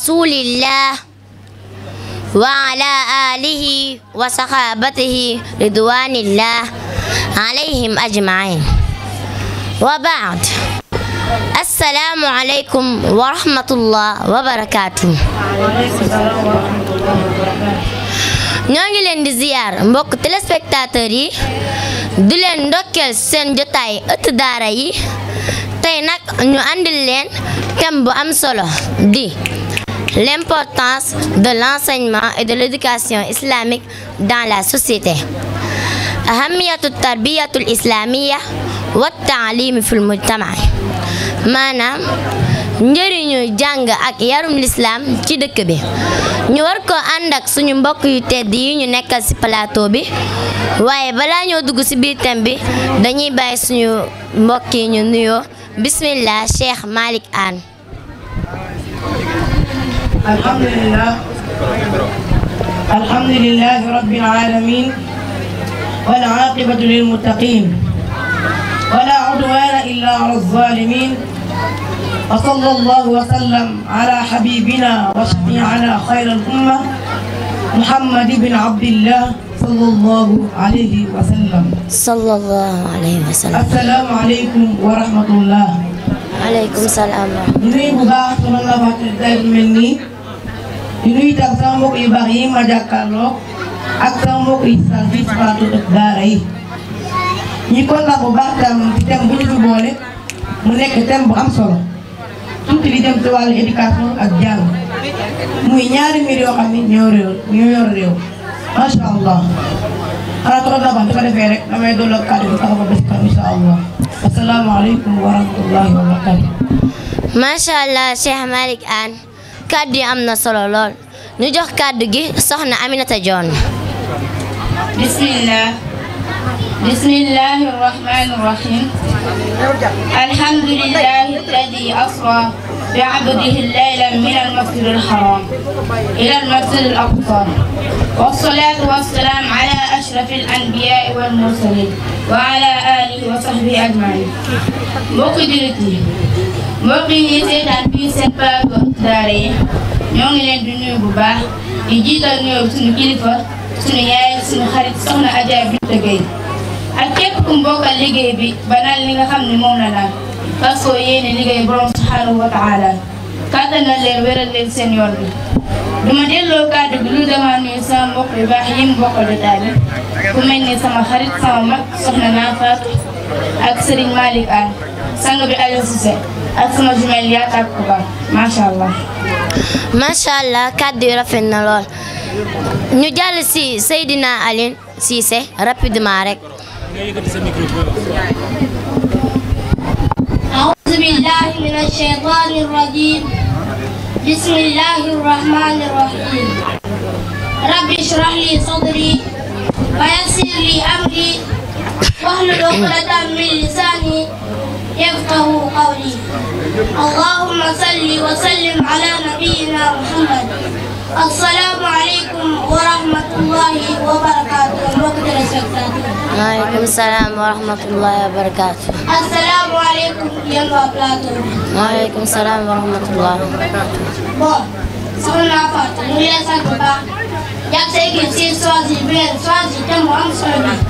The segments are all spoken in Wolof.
رسول الله وعلى آله وصحابته رضوان الله عليهم أجمعين وبعد السلام عليكم ورحمة الله وبركاته نعم لندزيار مبوك تلسبكتاتوري دولن دوكيل سن جوتاي اتداري تاي ناك نعم كم بو أم دي l'importance de l'enseignement et de l'éducation islamique dans la société ahamiyatu tarbiyatul islamiya wa taalimi fil mujtama maanaam njëriñu jàng ak yarum lislaam ci dëkk bi ñu war ko ànd ak suñu mbokk yu tedd yi ñu nekkal ci plateau bi waaye balaa ñoo dugg ci biir thème bi dañuy bàyyi suñu mbokk yi ñu nuyoo bismillah Cheikh Malick Anne الحمد لله الحمد لله رب العالمين والعاقبة للمتقين ولا عدوان إلا على الظالمين وصلى الله وسلم على حبيبنا وشفيعنا خير الأمة محمد بن عبد الله صلى الله عليه وسلم صلى الله عليه وسلم السلام عليكم ورحمة الله عليكم السلام ورحمة الله نريد بعض الله مني Yunui taksamuk ibahim isang Aksamuk at patu tekdarai Yikon lagu bahtam titem bunyi tu boleh Menek ketem beramsol Tuti litem tuwal at adjang Mui nyari rio kami nyoril rio. Masya Allah Anak turun na tu kada ferek Namanya dolak kada kita mabes kami Allah Assalamualaikum warahmatullahi wabarakatuh Masya Allah Syekh Malik An kàddu yi am na solo lool ñu jox kàddu gi soxna Aminata Joon bismillah bismillahi rahmani rahim alhamdulillahi alladi asra bi abdihi layla min almasjid alharam ila almasjid alaqsa والصلاة والسلام على أشرف الأنبياء والمرسلين وعلى آله وصحبه أجمعين mbokk jullit yi mbokk yi seetaan bi seen plateau ëttu yi ñoo ngi leen di nuyu bu baax di jiital nuyoo suñu kilifa suñu yaay suñu xarit soxna Adja Binta Gueye ak képp ku mbokkal liggéey bi ba naan li nga xam ni moom la naan parce que yéene liggéey borom subhanahu wa taala kàttanal leen wéral leen seen yoon bi duma delloo kàddu gi lu dama nuyu sama mbokk yu baax yi mu bokkal jotaay ku mel ni sama xarit sama mag soxna Nafaat ak Serigne Malick Anne sang bi Aliou ما شاء الله ما شاء الله كاد يرفعنا نجال سي سيدنا علي سيسي رابيد مارك أعوذ بالله من الشيطان الرجيم بسم الله الرحمن الرحيم رب اشرح لي صدري ويسر لي أمري واحلل عقدة من لساني يفقه قولي اللهم صل وسلم على نبينا محمد السلام عليكم ورحمة الله وبركاته وعليكم السلام ورحمة الله وبركاته السلام عليكم يا بلاتو وعليكم السلام ورحمة الله وبركاته بو sur la porte, nous laissons pas. سيدي سيدي a ceux qui sont choisis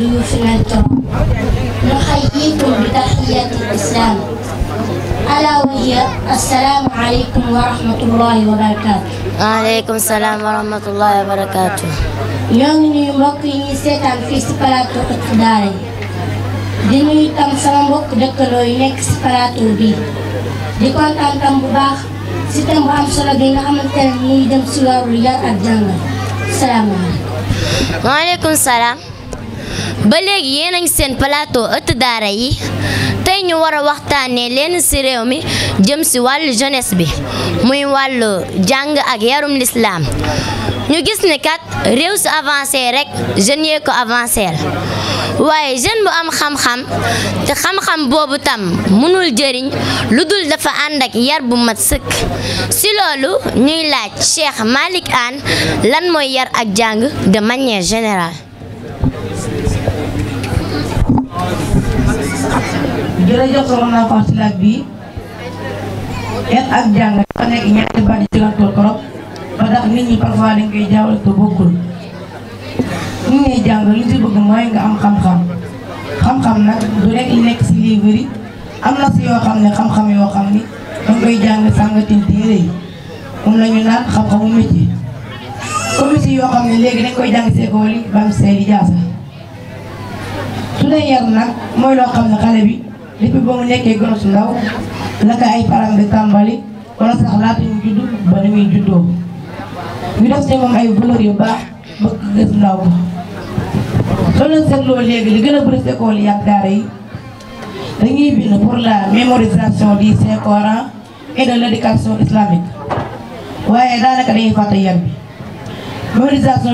ليفرط نحييكم بتحية الإسلام ألا وهي السلام عليكم ورحمة الله وبركاته waaleykum salaam wa rahmatullahi wa barakaatu. ñoo ngi nuyu mbokk yi ñuy seetaan fii si plateau Ëttu Daara yi. di nuyu tam sama mbokk dëkkandoo yi nekk si plateau bii. di kontaan tam bu baax si tam bu am solo bi nga xamante ne ñu ngi dem si wàllu yar ak jàngal salaamaaleykum. waaleykum salaam. ba léegi yéen a ngi seen plateau ëtt daara yi tey ñu war a waxtaanee leen ci réew mi jëm ci wàllu jones bi muy wàllu jàng ak yarum lislaam ñu gis ni kat réew si avancé rek jeunes yee ko avancé waaye jeune bu am xam-xam te xam-xam boobu tam mënul jëriñ lu dul dafa ànd yar bu mat sëkk ci loolu ñuy laaj Cheikh Malick Anne lan mooy yar ak jàng de manière générale jërëjëf soxna Fatou Lac bi yar ak jàng dafa nekk ñaari baat ci la trop ba tax nit ñi parfois dañ koy jaawal te bokkul ñu ngi jàng li ci bëgg mooy nga am xam-xam xam-xam nag du rek nekk si livre yi am na si yoo xam ne xam-xam yoo xam ni dañ koy jàng sàngatin téere yi moom la ñu naan xam-xamu métier commission yoo xam ne léegi dañ koy jàng si école yi ba am seeni jaasa su dee yar nag mooy loo xam ne xale bi. lebih ba mu nekkee gone ndaw la ko ay faram di tàmbali wala sax laata ñu judd ba ni muy juddoo ñu def si moom ay valeur yu baax ba gis ndaw ko loolu lañ seetloo léegi li gën a bëri si école yi ak daara yi dañuy bind pour la mémorisation du Saint Coran et de l' éducation islamique waaye bi mémorisation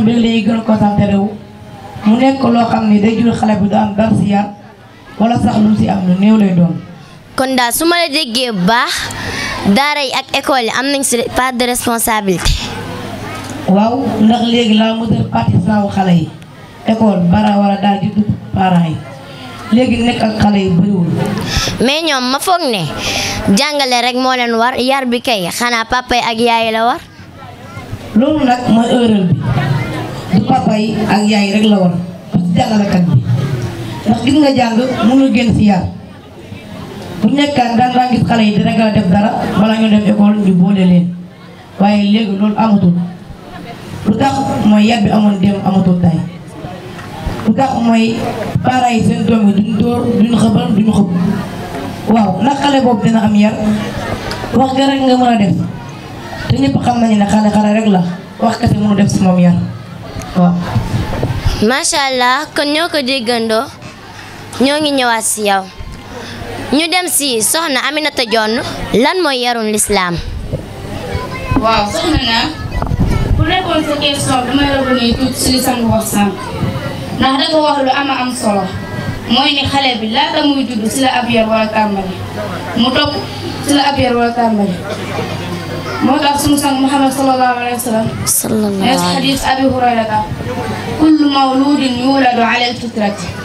wala sax lu am lu néew lay kon daal su ma la déggee bu baax daara yi ak école yi am nañ si part de responsabilité. waaw ndax léegi la moteur partisan wu xale yi école bara wala daal di dugg parents yi léegi nekk ak xale yi bëriwul. mais ñoom ma foog ne jàngale rek moo leen war yar bi kay xanaa papa yi ak yaay la war. loolu nag mooy erreur bi du papa yi ak yaay rek la war parce que jàngalekat bi. ndax nggak nga jàng mënul génn si yar bu nekkaan daan daa gis xale yi di ragal def dara bala ñu dem école ñu dem tay kita mau para parents yi seen doom yi duñ dóor duñ wow duñ xëb waaw dina am yar wax ga rek nga mën a def te ñëpp xam nañu ne xale xale allah ñoo ngi ñëwaat si ñu dem si soxna Aminata Jonn lan mooy yarul lislaam waaw soxna na bu nekkoon sa question bi may revenir tuuti si li sang wax sànq ndax dafa ama am solo mooy ni xale bi laata muy judd si la ab yar war a tàmbali mu topp si la ab yar war a tàmbali moo tax sunu sang Muhammad sallallahu alayhi wa sallam sallallahu alayhi abi hurayrata kullu mawludin yuladu ala alfitrati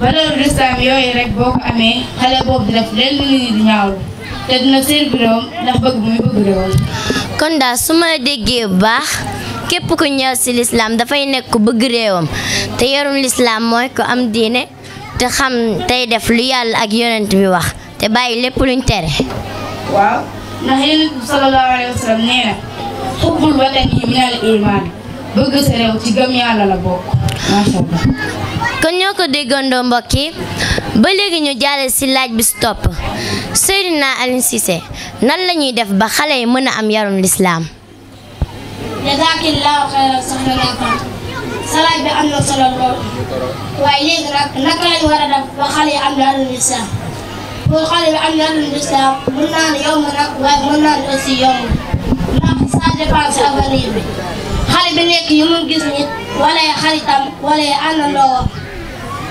valeur lislaam yooyu rek boo ko amee xale boobu def lenn lu ñuy ñaawlu te dina servi réewam ndax bëgg muy bëgg réewam. kon daal su déggee bu baax képp ku ñëw si lislaam dafay nekk ku bëgg réewam te yorum lislaam mooy ku am diine te xam tey def lu yàlla ak yonent bi wax te bàyyi lépp luñ tere. waaw ndax yonent bi sallallahu alayhi wa sallam nee na xubbul watani minal iman bëgg sa réew ci gëm yàlla la bokk kon ñoo ko déggandoo mbokk yi ba léegi ñu jaale si laaj bi si topp Seydina Alioune Cissé nan la ñuy def ba xale yi mën a am yarum lislaam jazaakillaahu xayran soxna Nafaat sa laaj bi am na waaye léegi nag naka lañ war a def ba xale yi am yarum lislaam pour xale bi am yarum lislaam mën naa ne yomb nag waaye mën naa ne aussi yomb ndax ça dépend si avenir bi xale bi nekk yu mu gis nit wala ay xaritam wala ay àndandoowam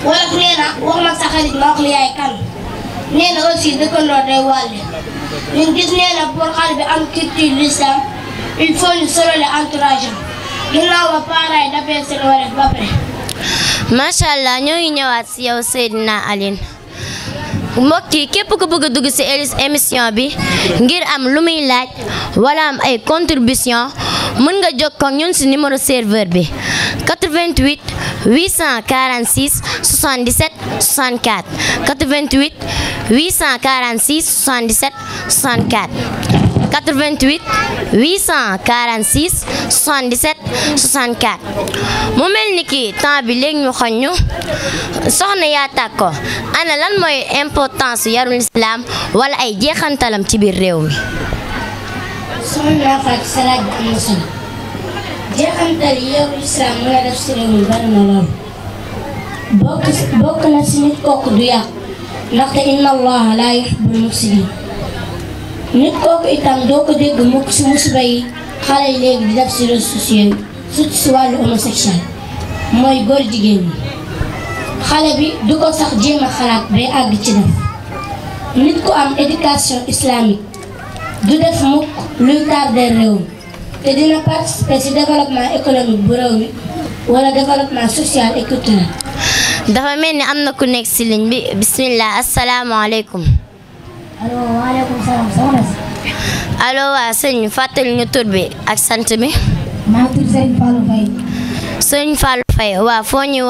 wolof nee na wax ma sa xarit wax la kan nee na aussi dëkkandoo day wàlle ñun gis nee na pour xale bi am culture l'islam il faut ñu solole entourage am ginnaaw ba parents yi dafee seen wareef ba pare. macha allah ñëwaat si yow Seydina Aline. mbokk yi képp ku bëgg a dugg ci émission bi ngir am lu muy laaj wala am ay contribution mën nga jokkoo ñun ci numéro serveur bi 88 846 77 64 88 846 77 64 88 846 77 mu mel ni ki temps bi léegi ñu xoñ ñu yaa tàkko ana lan mooy importance yarul islam wala ay jeexantalam ci biir réew mi soxna yaa fàcc sa laaj bi am islam mu nga def si bokk na si nit kooku du yàqu inna allaha laa yuhibbul mufsidin nit kooku itam doo ko dégg mukk si musiba yi xale yi léegi di def si réseaux sociaux yi si wàllu homosexuel mooy góor jigéen ñi xale bi du ko sax jéem a xalaat bay àgg ci def nit ku am éducation islamique du def mukk luy tardé réew mi te dina participer si développement économique bu réew mi wala développement social et culturel. dafa mel ni am na ku nekk si ligne bi bismillah asalaamaaleykum. allo waaleykum salaam soxna allo waa sëñ fàttali ñu tur bi ak sant bi. maa ngi tudd Fallou Faye. sëñ Fallou Faye ñu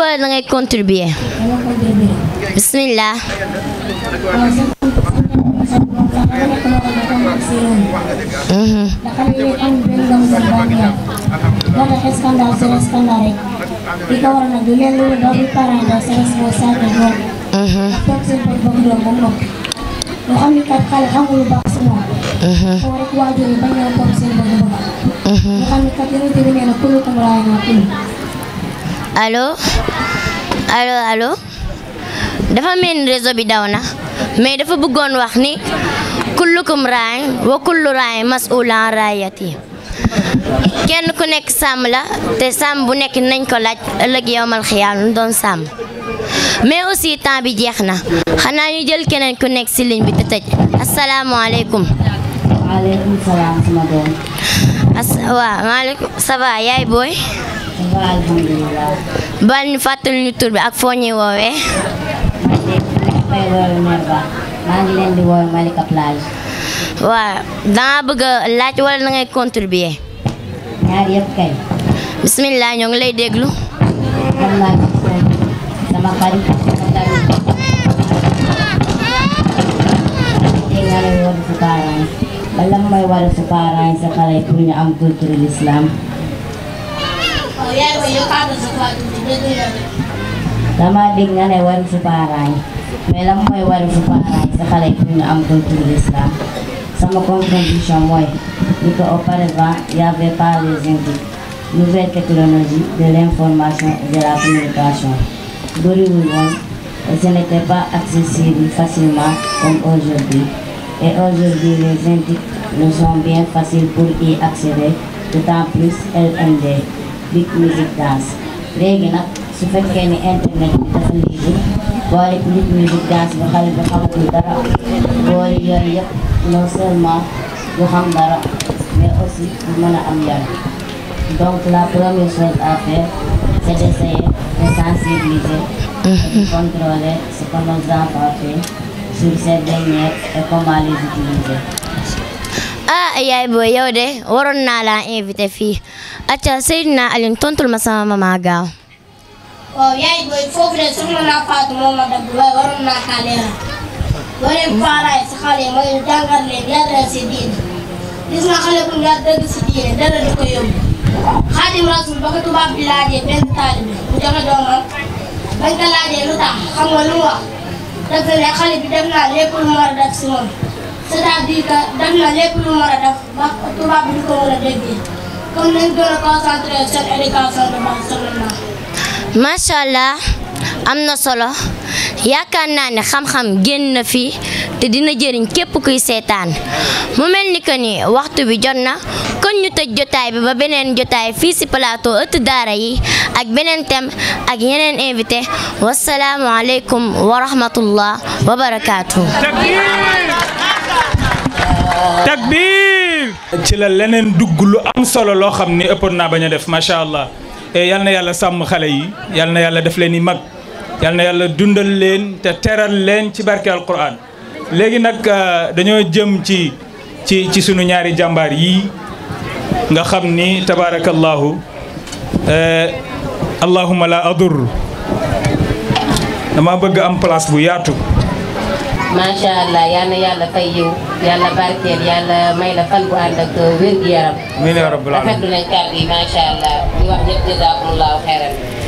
wala da ngay contribuer. bismillah. mm li ko waroon nag dafa mel ni réseau bi daw na mais dafa bëggoon wax ni kullukum raay wa kullu raay mas'ulan raayati kenn ku nekk sàmm la te sàmm bu nekk nañ ko laaj ëllëg yowmal xiyaam lu doon sàmm mais aussi temps bi jeex na xanaa ñu jël keneen ku nekk si ligne bi te tëj asalaamaaleykum. maaleykum salaam sama yaay booy. bal ñu fàttali ñu tur bi ak foo ñuy woowee. maa danga bëgg a laaj wala dangay contribuer. ñaar yëpp kay. bisimilah ñoo ngi lay déglu. man maa ngi sama xarit ba lan mooy waral sa parents sa xale pour ñu am culture l'islam. dama dégg nga ne waru su parents mais lan mooy waral sa parents sa xale pour ñu am culture l'islam sama contribution mooy. vu qu'auparavant, il n'y avait pas les indices Nouvelle technologie de l'information et de la communication. Bollywood, ce n'était pas accessible facilement comme aujourd'hui. Et aujourd'hui, les indices nous sont bien faciles pour y accéder, d'autant plus LMD, Big Music Dance. léegi nag su fekkee ni internet bi dafa libre boole Big Music Dance ba xale bi xamatul dara boole yooyu yëpp non seulement du xam dara. mais aussi pour la première chose à faire c' mhm. ah, booy yow de waroon naa laa invité fii acca Seydina Alioune tontul ma sama mama gaaw. waaw oh, yaay booy foofu de soxla naa moom a dagg waaye waroon naa kaa leeral. wala Faalaye si diin. gis nga xale bu ndaw dëgg si diine dara du ko yomb xaadim rasul ba ko tubaab bi laajee benn taalibe bu joxe doomam bañ ko laajee lu tax xam lu wax daf ne xale mu war a si moom c'est-à-dire que def na mu war a ba tubaab bi du ko war a déggee comme nañ gën a concentré seen éducation de base seulement. macha allah am na solo. yaakaar naa ne xam-xam génn na fi te dina jëriñ képp kuy seetaan mu mel ni que ni waxtu bi jot na kon ñu tëj jotaay bi ba beneen jotaay fii ci plateau ëtt daara yi ak beneen thème ak yeneen invité wasalaamu aleykum wa rahmatullah wa barakaatu. takbir ci la leneen dugg lu am solo loo xam ni ëppoon naa bañ a def macha allah eh, yal na yàlla sàmm xale yi yal na yàlla def leen i mag. yal yàlla dundal leen te teral leen ci barke alquran léegi nag euh, dañoo jëm ci ci ci sunu ñaari jàmbaar yii nga xam ni tabaarakallaahu euh, allahuma la adur dama bëgg am place bu yaatu macha allah yàlla fay yiw yàlla barkeel yàlla may la fan bu ànd wér-gu-yaram. amiin yaa rabbal aalamiin rafetlu nañ kàddu yi macha allah di wax ñëpp jazaakumullaahu xayran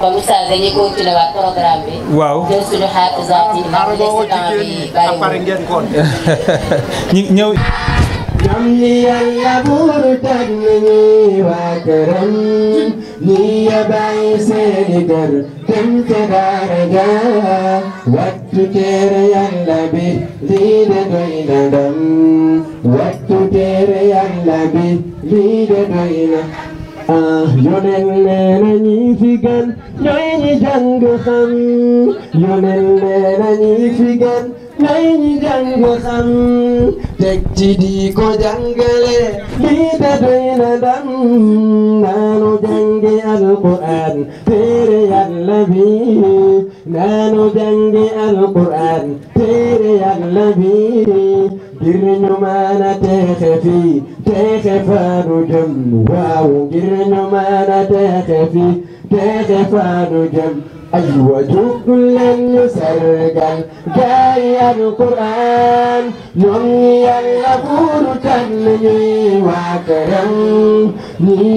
comme oustaz dañuy continuer waat programme bi. waaw jël suñu xaafisaat yi. ndax jigéen ñi après ngeen koon ñu ñëw. ñam li yàlla buur tànn ñi waa këram lii ya bàyyi seeni kër dem ca daara ga wattu téere yàlla bi lii de doy na ndam wattu téere yàlla bi lii de doy na yoneen nee na ñi fi gën ñooy ñi jàng xam yoneen nee na ñi fi gën ñooy ñi jàng xam teg ci di ko jàngale lii da doy na dam naanu jàngi alquran téere yàlla bi naanu jàngi alquran téere yàlla bi ngir ñu mën texe fii texe faanu jëm waaw ngir ñu mën texe fii texe faanu jëm aywa jóg leen ñu sargal gaay alquran ñoom ñi yàlla buuru tànn ñuy waa këram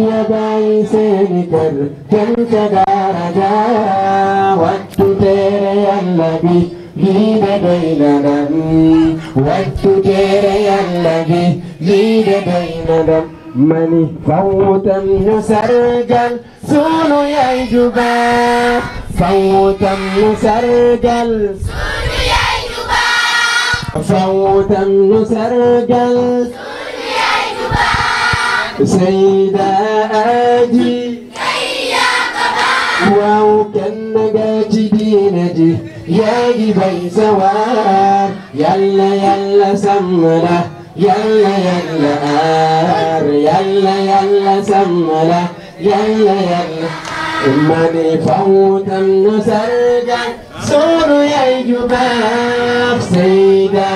ya bàyyi seeni kër dem ca daara ja wattu teere yàlla bi لين بينهم والتجار الذي لين بينهم من فوتا يسرجل سون يجبا فوتا يسرجل سون يجبا فوتا يسرجل سيدا أجي وكان نجاتي دينجي yaajibay sawaar yàlla yàlla sàmm la yàlla yàlla aar yàlla yàlla sàmm la yàlla yàlla mane fawutam nu sargal sooru yaay ju baax sayda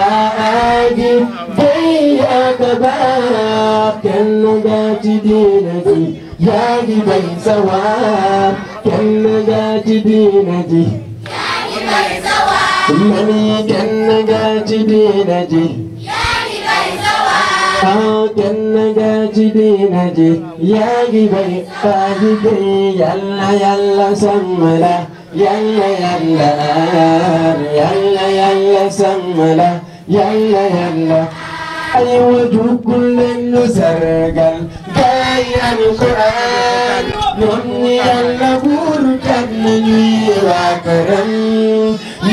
aji day ak baax kenn nga ci diina ji yaajibay sawaar kenn nga ci diina ji من كان قاجدين جي أو كان قاجدين جي يا جبي قاجدي يلا يلا سملا يلا يلا آر يلا يلا سملا يلا يلا أي وجه كل نسرقل جاي القرآن نمني يلا بوركن نجي وكرم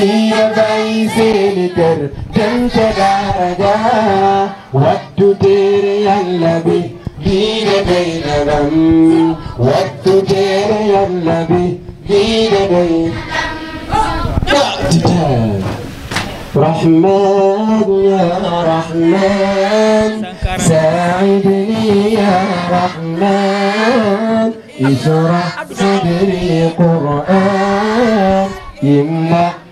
ஈரவைசேலிதர் ஜம்சகாரகா வத்து தேரையல்லபி கீரகைனகம் வத்து தேரையல்லபி கீரகை رحمن يا رحمن ساعدني يا رحمن اشرح صدري قرآن يمنح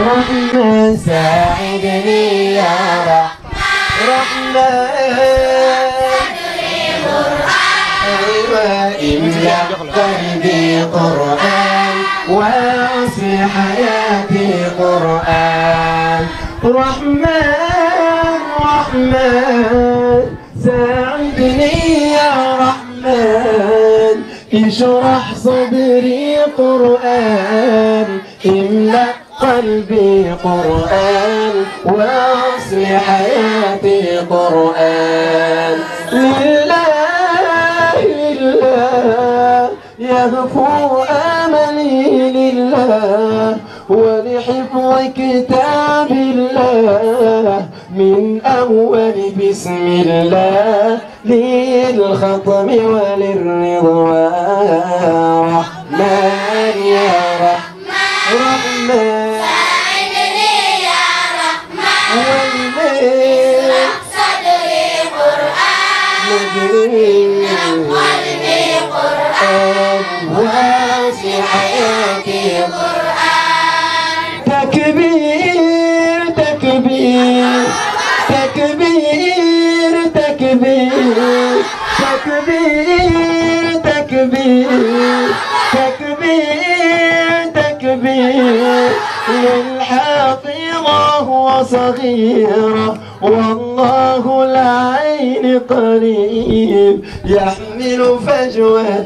رحمن ساعدني يا رحمن صدري قرآن أيوة إملأ قلبي قرآن وأصل حياتي قرآن رحمن رحمن ساعدني يا رحمن اشرح صدري قرآن املأ قلبي قرآن وأصل حياتي قرآن لله لله يهفو أملي لله ولحفظ كتاب الله من أول بسم الله للخطم وللرضوان رحمن يا رحمن من قلبي قرآن وفي حياتي قرآن تكبير تكبير تكبير تكبير تكبير تكبير تكبير تكبير صغيرة والله العين قريب يحمل فجوة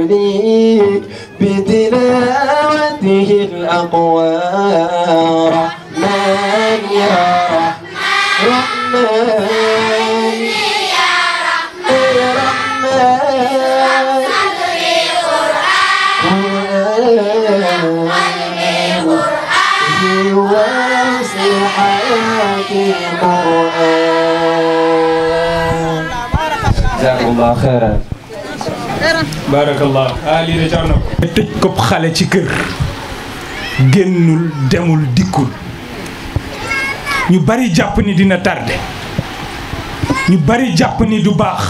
لينيك بتلاوته الأقوار رحمن يا رحمن Oh, jazakumullah xeyran barakallah ah lii na ko tëj ko xale ci kër génnul demul dikkul ñu bari jàpp ni dina tardé ñu bari jàpp ni du baax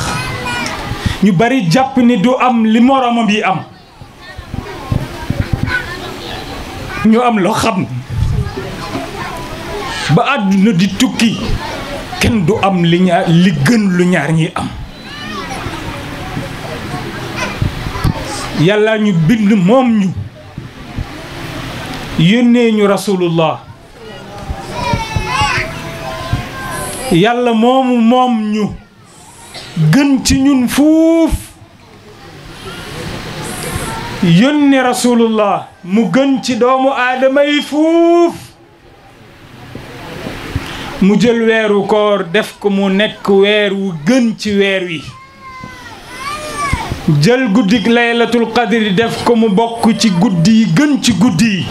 ñu bari jàpp ni du am li moromam yi am ñu am loo xam ba àdduna di tukki kenn du am li ñaar li gën lu ñaar ñiy am yàlla ñu bind moom ñu yónnee ñu rasulullah yàlla moomu moom ñu gën ci ñun fuuf yónni rasulullah mu gën ci doomu aadama yi fuuf mu jël weeru koor def ko mu nekk weer wu gën ci weer wi jël guddik laylatul qadri def ko mu bokk ci guddi yi gën ci guddi yi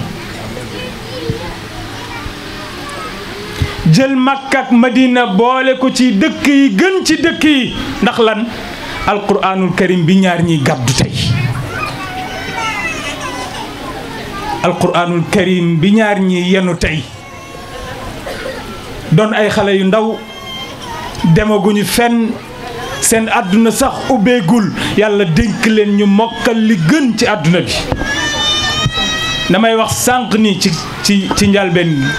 jël Makka ak Madina boole ko ci dëkk yi gën ci dëkk yi ndax lan alquraanul karim bi ñaar ñiy gàddu tey alquraanul karim bi ñaar ñiy yenu tey doon ay xale yu ndaw demaguñu fenn seen àdduna sax ubbeegul yàlla dénk leen ñu mokkal li gën ci àdduna bi damay wax sànq ni ci ci ci njalbeen gi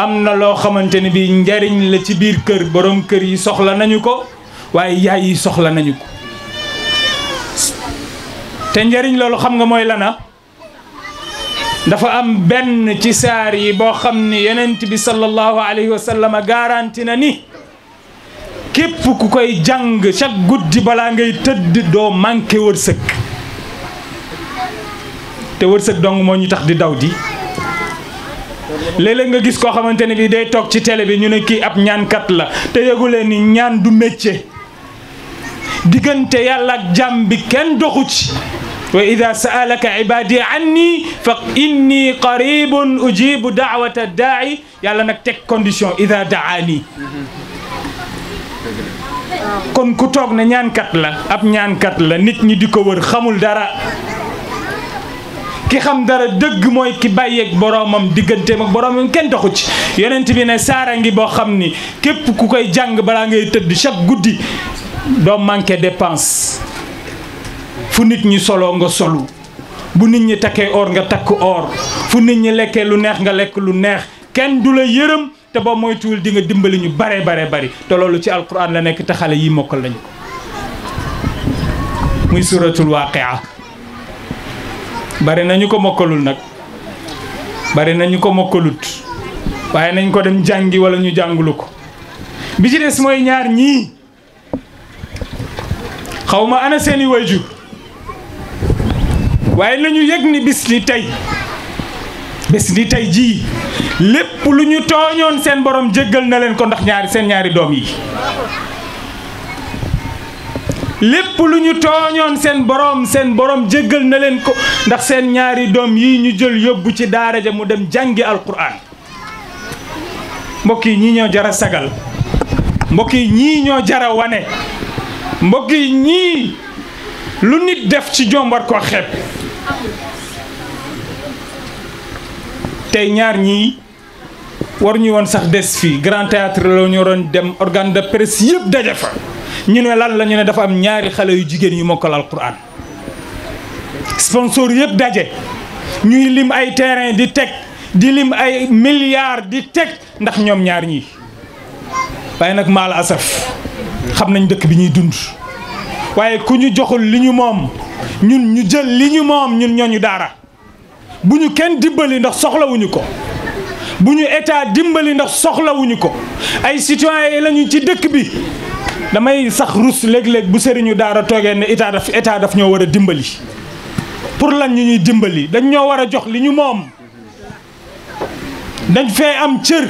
am na loo xamante ni bi njariñ la ci biir kër boroom kër yi soxla nañu ko waaye yaay yi soxla nañu ko te njariñ loolu xam nga mooy lana dafa am benn ci saar yi boo xam ne yonent bi sallallahu alayhi wa sallam na ni képp ku koy jàng chaque guddi balaa ngay tëdd doo manqué wërsëg te wërsëg dong moo ñu tax di daw di léeg nga gis koo xamante ne bi day toog ci tele bi ñu ne kii ab ñaankat la te yëgulee ni ñaan du métier diggante yàlla ak jàmm bi kenn doxu ci wa idza sa'alaka ibadi anni fa inni qaribun ujibu da'wata da'i yàlla ya nag teg condition idza da'ani kon ku toog ne ñaankat la ab ñaankat la nit ñi di ko wër xamul dara ki xam dara dëgg mooy ki bàyyeeg boromam digganteem ak boromam kenn doxu ci yonent bi ne saara ngi boo xam ni képp ku koy jàng balaa ngay tëdd chaque guddi doo manqué dépense fu nit ñi soloo nga solu bu nit ñi takkee or nga takk or fu nit ñi lekkee lu neex nga lekk lu neex kenn du la yërëm te boo moytuwul di nga dimbali ñu bare bare bari te loolu ci alquran la nekk te xale yi mokkal lañu ko muy suratul waaqia bari nañu ko mokkalul nag bari nañu ko mokkalut waaye nañ ko dem jàngi wala ñu jàngulu ko bi ci mooy ñaar ñii xaw ma ana seeni wayjur waaye nañu yég ni bis ni tey bis ni tey jii lépp lu ñu tooñoon seen boroom jéggal na leen ko ndax ñaari seen ñaari doom yi lépp lu ñu tooñoon seen borom seen borom jéggal na leen ko ndax seen ñaari doom yi ñu jël yóbbu ci daara ja mu dem jàngi alquran mbokk yi ñii ñoo jara sagal mbokk yi ñii ñoo jara wane mbokk yi ñii lu nit def ci jom ko koo tey ñaar ñi war ñu woon sax des fii grand théâtre la ñu waroon dem organe de presse yëpp daje fa ñu ne lan lañu ne dafa am ñaari xale yu jigéen yu mokkal alquran sponsor yëpp daje ñuy lim ay terrain di teg di lim ay milliards di teg ndax ñoom ñaar ñi waaye nag maal asaf xam nañ dëkk bi ñuy dund waaye ku ñu joxul li ñu moom ñun ñu jël li ñu moom ñun ñu daara bu ñu kenn dimbali ndax soxlawuñu ko bu ñu état dimbali ndax soxlawuñu ko ay yi lañu ci dëkk bi damay sax rus léeg-léeg bu sëriñu daara toogee ne état daf état daf ñoo war a dimbali pour lan ñu ñuy dimbali dañ ñoo war a jox li ñu moom dañ fee am cër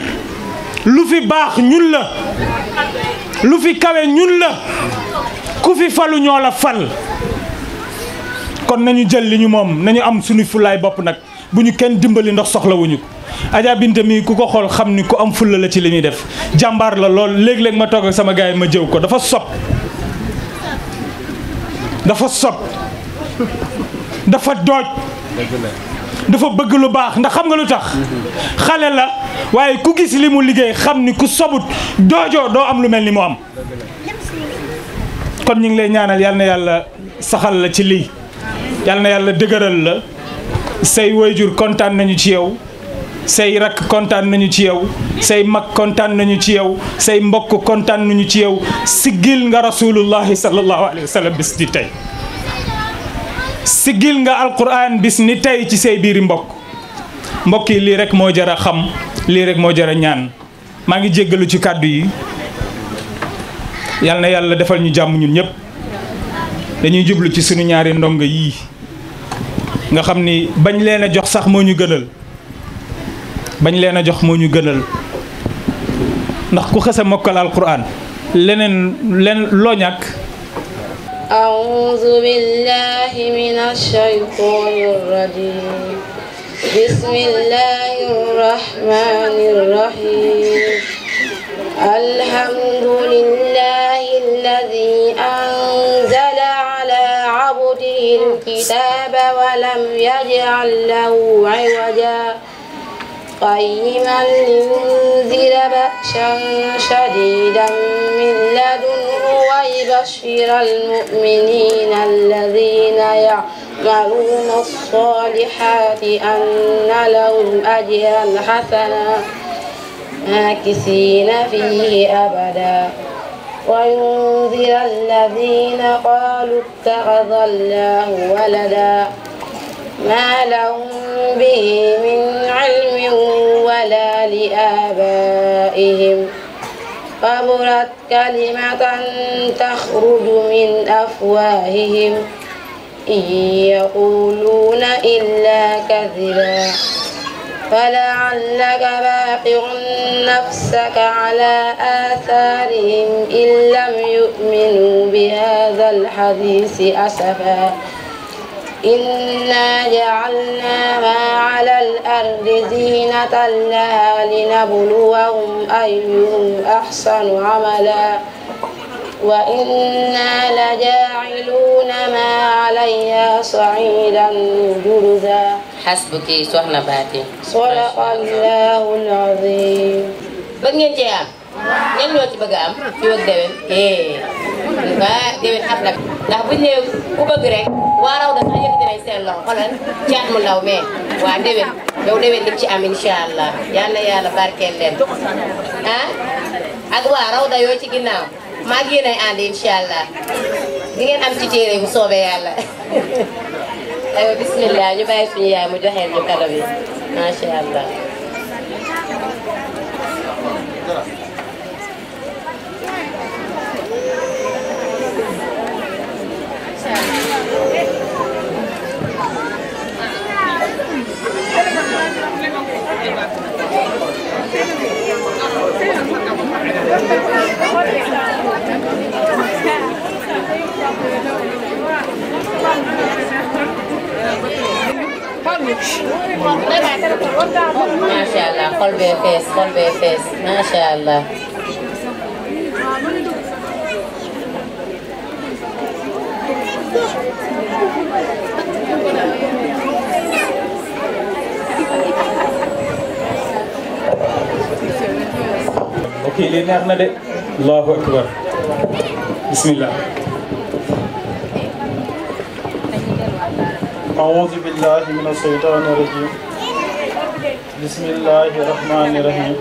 lu fi baax ñun la lu fi kawe ñun la ku fi falu ñoo la fal kon nañu jël li ñu moom nañu am suñu fulaay bopp nag bu ñu kenn dimbali ndox soxlawuñu ko Adja mi ku ko xool xam ni ku am fulla la ci li muy def jàmbaar la lool léeg-léeg ma toog ak sama gaay yi ma jëw ko dafa sob dafa sob dafa dooj dafa bëgg lu baax ndax xam nga lu tax xale la waaye ku gis li mu liggéey xam ni ku sobut doojoo doo am lu mel ni mu am kon ñu ngi lay ñaanal yal na yàlla saxal la ci lii yal na yàlla dëgëral la say wayjur kontaan nañu ci yow say rakk kontaan nañu ci yow say mag kontaan nañu ci yow say mbokk kontaan nañu ci yow siggil nga rasulullahi sallallahu alayhi wa sallam bis di tey siggil nga alquran bis ni tey ci say biiri mbokk mbokk yi lii rek moo jar a xam lii rek moo jar a ñaan maa ngi jéggalu ci kàddu yi yal na yàlla defal ñu jàmm ñun ñëpp dañuy jublu ci suñu ñaari ndongo yii nga xam ni bañ leen a jox sax moo ñu gënal bañ leen a jox moo ñu gënal ndax ku xësa mokkal alquran leneen leen loo ñàkk أعوذ بالله من الشيطان الرجيم بسم الله الرحمن الرحيم الحمد لله الذي أنزل على عبده الكتاب ولم يجعل له عوجا قيما لينذر بأسا شديدا من لدنه ويبشر المؤمنين الذين يعملون الصالحات أن لهم أجرا حسنا ماكسين فيه أبدا وينذر الذين قالوا اتخذ الله ولدا ما لهم به من علم ولا لآبائهم قبرت كلمة تخرج من أفواههم إن يقولون إلا كذبا فلعلك باقع نفسك على آثارهم إن لم يؤمنوا بهذا الحديث أسفا إنا جعلنا ما على الأرض زينة لها لنبلوهم أيهم أحسن عملا وإنا لجاعلون ما عليها صعيدا جرذا xasbuki soxna baati. sadaqallahul azim. bëgg ngeen cee am. ñen ñoo ci bëgg am fi wëg déwén eh ba déwén xaf la ndax buñ ne ku bëgg rek waa raw da sax yëkkati nañ seen loxo xoolal waa déwén yow déwén lig ci am incha allah yal na yàlla barkeel leen ah ak waa raw da yoo ci ginnaaw maa ngi yéen ay ànd incha am ci téere bu soobee yàlla aywa bismillah ñu suñu yaay mu ñu bi Thank you. macha allah xol bee fees xol bee fees macha allah. ok lii neex na de. allahu akbar bismillah. أعوذ بالله من الشيطان الرجيم بسم الله الرحمن الرحيم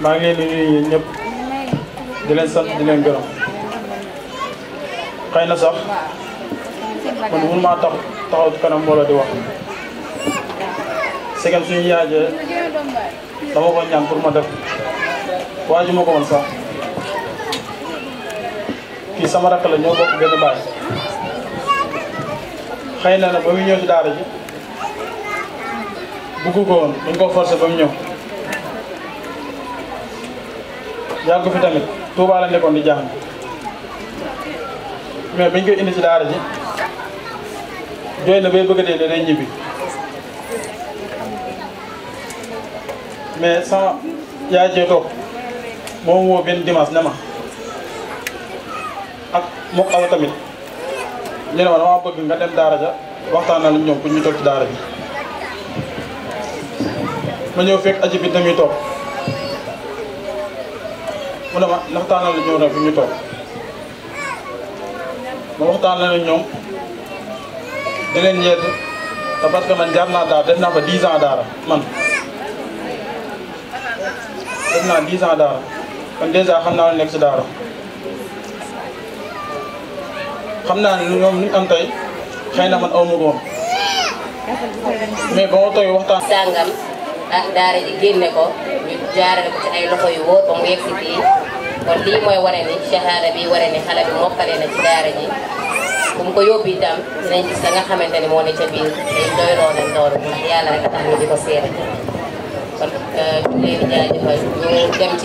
maa ngi leen nuyu yéen ñëpp di leen sant di leen gërëm xëy sax man mun maa tax taxaw ci kanam wala di wax segam suñu dama ko ñaan pour ma def waaju xëy na nag ba muy ñëw ci daara ji bugg ko woon dañ koo forcé ba mu ñëw yàggu tamit Touba la nekkoon di jàng mais biñ koy indi ci daara ji jooy na bay bëgg dee da ñibbi mais san yaay jee toog moom woo benn dimanche ne ma ak mu awa tamit ñu ne ma dama bëgg nga dem daara ja waxtaanal ak ñoom pour ñu toog ci daara bi ma ñëw fekk aji bi dañuy toog mu ne ma waxtaanal ak ñoom rek pour ñu toog ma waxtaanal ak ñoom di leen ñeent que man jaar naa daara def naa fa 10 ans daara man def naa 10 ans daara kon dèjà xam naa lu si daara. xam naa ni ñoom li ñu am tey xëy na man aw ma ba waxtaan. sàngam ah, daara ji génne ko ñu jaarale loxo yu wóor ba mu yegg si fii kon lii mooy wane ni shahada bi wane ni xale ci daara ji bu ko yóbbu itam dinañ nga xamante ni moo ne ca biir day doyloo leen loolu ndax yàlla rek a tax ñu di ko seere kon euh, ñu leen di jaajëfal ñu dem ci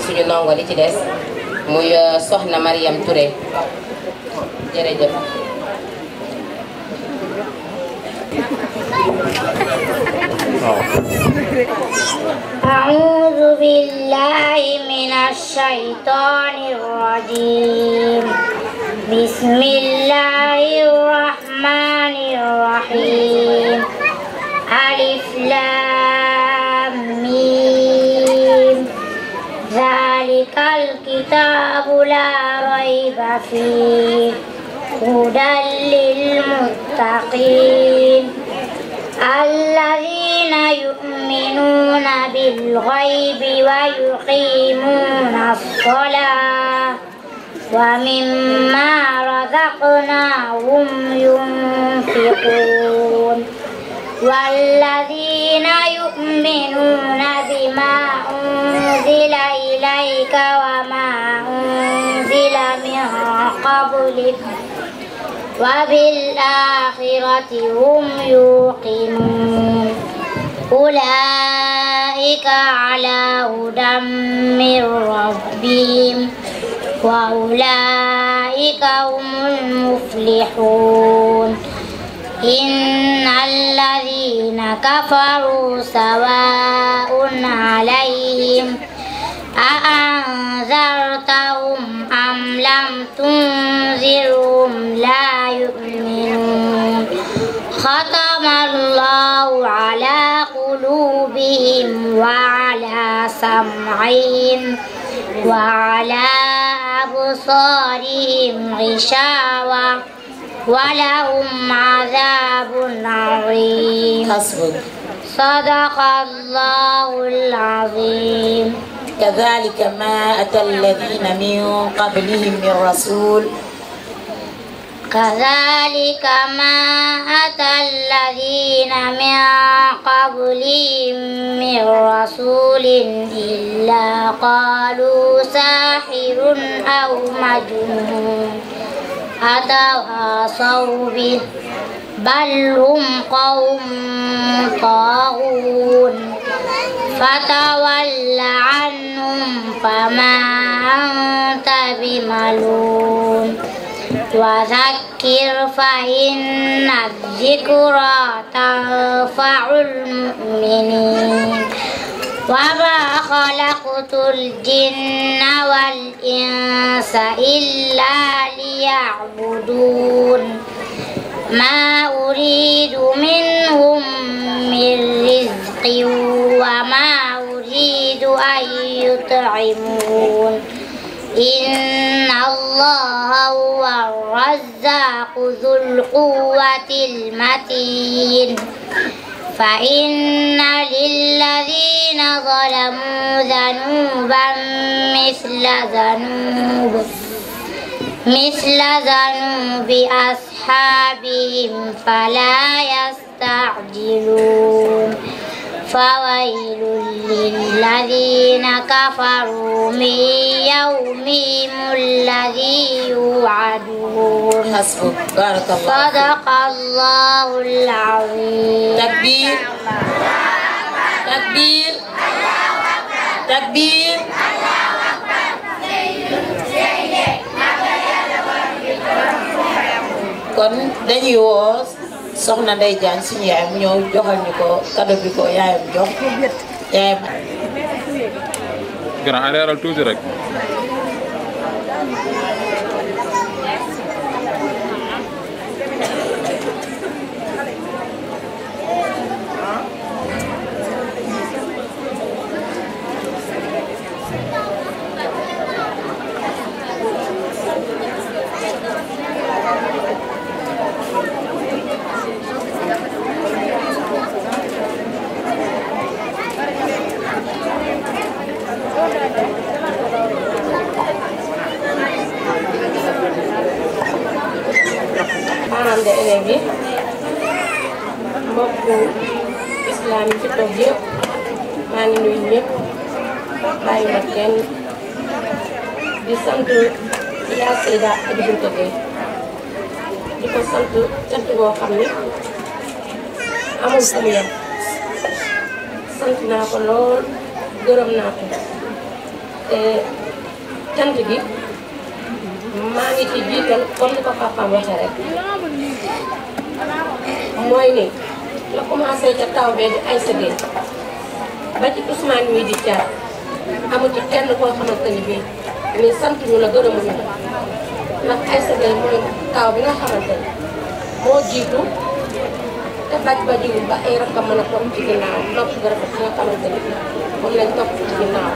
ci des muy euh, soxna Mariam Touré. أعوذ بالله من الشيطان الرجيم بسم الله الرحمن الرحيم ألف لام ميم ذلك الكتاب لا ريب فيه هدى للمتقين الذين يؤمنون بالغيب ويقيمون الصلاة ومما رزقناهم ينفقون والذين يؤمنون بما أنزل إليك وما أنزل من قبلك وبالآخرة هم يوقنون أولئك على هدى من ربهم وأولئك هم المفلحون إن الذين كفروا سواء عليهم أأنذرتهم أم لم تنذرهم لا يؤمنون ختم الله على قلوبهم وعلى سمعهم وعلى أبصارهم غشاوة ولهم عذاب عظيم صدق الله العظيم كذلك ما أتى الذين من قبلهم من رسول كذلك ما أتى الذين من قبلهم من رسول إلا قالوا ساحر أو مجنون أتواصوا به بل هم قوم طاغون فتول عنهم فما أنت بملوم وذكر فإن الذكرى تنفع المؤمنين وما خلقت الجن والإنس إلا ليعبدون ما أريد منهم من رزق وما أريد أن يطعمون إن الله هو الرزاق ذو القوة المتين فإن للذين ظلموا ذنوبا مثل ذنوب مثل ذنوب أصحابهم فلا يستعجلون فويل للذين كفروا من يومهم الذي يوعدون بارك الله صدق الله العظيم تكبير تكبير تكبير kon dañuy woos soxna Ndeye Diagne suñu yaay mu ñëw joxal ñu ko cadeau bi ko yaayam jox yaayam. gannaaw a leeral tuuti rek. collègues yi mbokku islam yi ci toog yëpp maa ngi nuyu ñëpp bàyyi ma kenn di sant yaa Seyda Aji Binta Gueye di ko sant cant boo xam ne amul fu sant naa ko lool gërëm naa ko te cant gi. maa ngi ci jiital comme ni ko papaam waxee rek mooy ni la commencé ca taw bee di ay sa géej ba ci Ousmane mii di caar amu ci kenn koo xamante bii nii sant ñu la gërëmu ñu ndax ay sa géej mooy taw bi nga xamante moo jiitu te baj bajiwul ba ay rakam mën a topp ci ginnaaw nopp lañ topp ci ginnaaw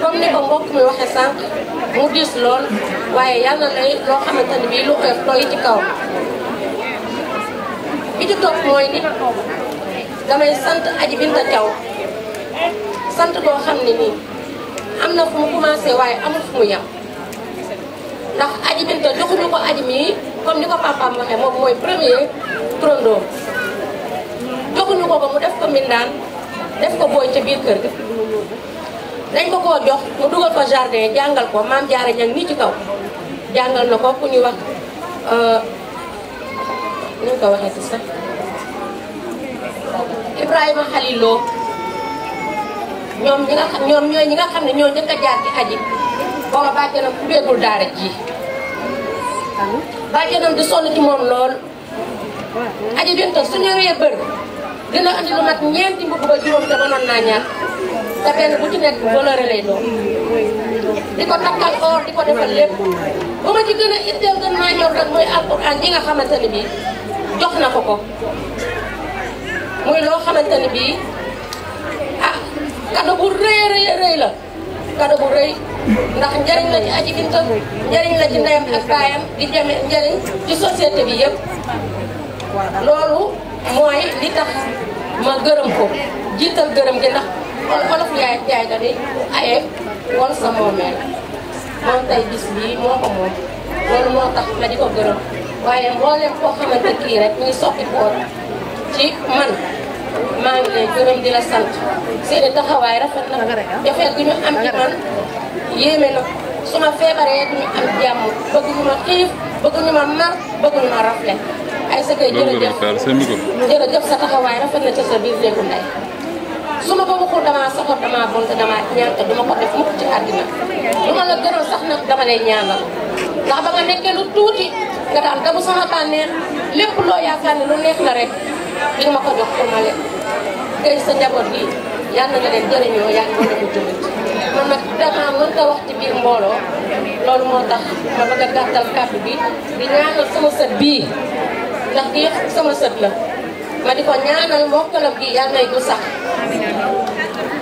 comme ni ko mbokk mi waxee sànq mu diis lool waaye yàlla lay loo xamante ni bii lu oyof tooy ci kaw bi ci topp mooy ni damay sant Aji Binta Thiaw sant koo xam ne nii am na fu mu commencé waaye amul fu mu yem ndax Aji Binta joxuñu ko aji mii comme ni ko papaam waxee moom mooy premier turandoo joxuñu ko ko mu def ko mbindaan def ko booy ca biir kër ga dañ ko koo jox mu dugal ko jardin jàngal ko maam jaara ñang nii ci kaw jàngal na ko ku ñu wax ñu euh, ko waxee ci sax Ibrahima ñoom ñi nga xam ñi nga xam ne ñoo njëkk a jaar ci aji booba bàjjanam ku béegul daara ji bàjjanam di sonn ci moom lool aji jun tag suñu réer dina andi lu mat ñeenti mbubb ba juróom te mënoon naa ñaar te benn bu ci nekk valeur lay doon di ko takkal or di ko defal lépp bu ma ci gën a itteel gën maa ñor nag mooy alquran ji nga xamante ni bii jox na ko ko muy loo xamante ni bii ah kado bu rëy rëy rëy la kado bu rëy ndax njëriñ la ci aji binta njëriñ la ci ndeyam ak baayam di jame njëriñ ci société bi yëpp loolu mooy li tax ma gërëm ko jiital gërëm gi ndax kon xolof yaay jaay da di aye woon sa moomeel moom tey bis bii moo ko moom loolu moo tax ma di ko gërëm waaye mboolem koo xamante kii rek muy soppi koor ci man maa ngi lay gërëm di la sant seeni taxawaay rafet na jafeel gi am ci man yéeme na su ma feebaree duñu am ma xiif bëgg ñu ma mar bëgg ñu ma rafle ay sa kay jërëjëf jërëjëf sa taxawaay rafet la ci sa biir léegi ndey su ma ko waxul damaa soxor damaa bon te damaa ñaan te duma ko def mukk ci àddina lu ma la gënal sax nag dama lay ñaanal ndax ba nga nekkee lu tuuti nga daan dabu sama bànneex lépp loo yaakaar ne lu neex la rek li ma ko jox pour ma lekk sa njaboot gi yal nga leen jëriñoo yaa ngi leen jullit man nag damaa mën nga wax ci biir mbooloo loolu moo ma bëgg a gàttal bi di ñaanal sama sët bii ndax kii sama sët la ma di ko ñaanal mbokkalam gi yal nay du sax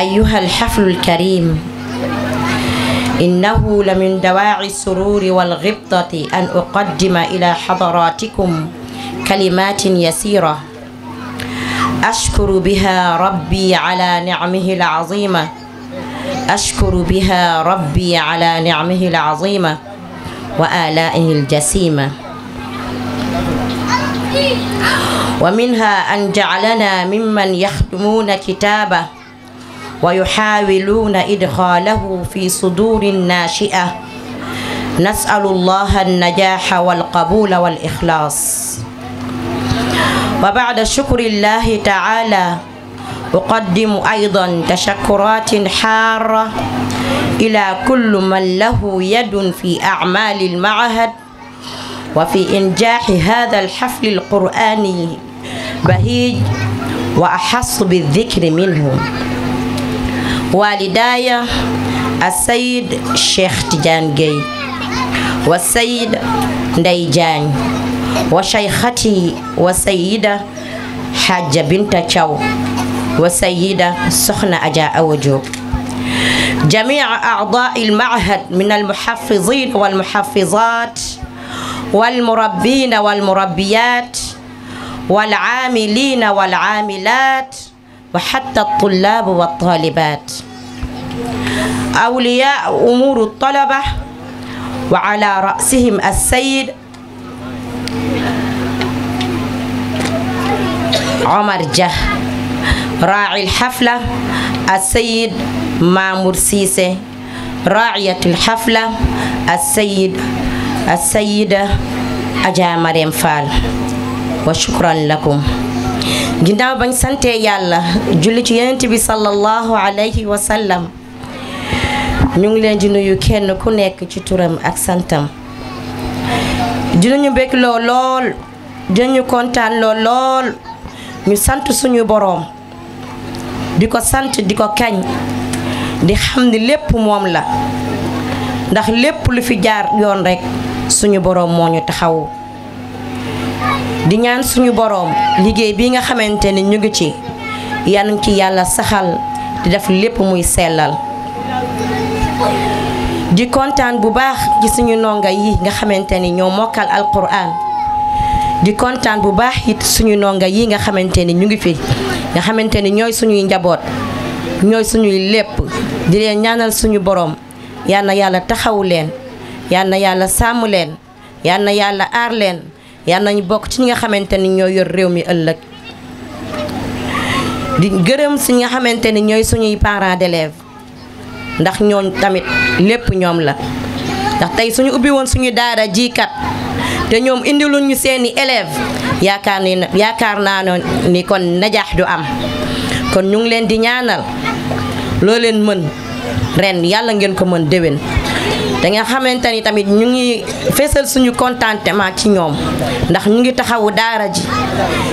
أيها الحفل الكريم إنه لمن دواعي السرور والغبطة أن أقدم إلى حضراتكم كلمات يسيرة أشكر بها ربي على نعمه العظيمة أشكر بها ربي على نعمه العظيمة وآلائه الجسيمة ومنها أن جعلنا ممن يخدمون كتابه ويحاولون إدخاله في صدور الناشئة نسأل الله النجاح والقبول والإخلاص وبعد شكر الله تعالى أقدم أيضا تشكرات حارة إلى كل من له يد في أعمال المعهد وفي إنجاح هذا الحفل القرآني بهيج وأحص بالذكر منه والداي السيد شيخ تجان جي والسيد ديجان وشيختي والسيدة حاجة بنت تشاو والسيدة سخنة أجا أوجوب جميع أعضاء المعهد من المحفظين والمحفظات والمربين والمربيات والعاملين والعاملات وحتى الطلاب والطالبات أولياء أمور الطلبة وعلى رأسهم السيد عمر جه راعي الحفلة السيد مامور سيسي راعية الحفلة السيد السيدة أجا مريم فال وشكرا لكم ginnaaw bañ santee yàlla julli ci yonent bi sallallahu alayhi wa sallam ñu ngi leen di nuyu kenn ku nekk ci turam ak santam dinañu bég loo lool dinañu kontaan loo lool ñu sant suñu boroom di ko sant di ko kañ di xam ni lépp moom la ndax lépp lu fi jaar yoon rekk suñu boroom moo ñu taxawu di ñaan suñu boroom liggéey bi nga xamante ni ñu ngi ci yan ci yàlla saxal di def lépp muy sellal di kontaan bu baax ci suñu ndonga yi nga xamante ni ñoo mokkal alquran di kontaan bu baax it suñu ndonga yi nga xamante ni ñu ngi fi nga xamante ni ñooy suñuy njaboot ñooy suñuy lépp di leen ñaanal suñu boroom yal yàlla taxawu leen yal na yàlla sàmm leen yal yàlla aar leen yal nañu bokk ci ñi nga xamante ni ñoo yor réew mi ëllëg di gërëm si ñi nga xamante ni ñooy suñuy parent d'élèves ndax ñoom tamit lépp ñoom la ndax tey suñu ubbi woon suñu daara kat te ñoom indiluñ ñu seeni élèves yaakaar ni yaakaar naa ni kon najaax du am kon ñu ngi leen di ñaanal loo leen mën ren yàlla ngeen ko mën déwén da nga xamante ni tamit ñu ngi fesal suñu contentement ci ñoom ndax ñu ngi taxawu daara ji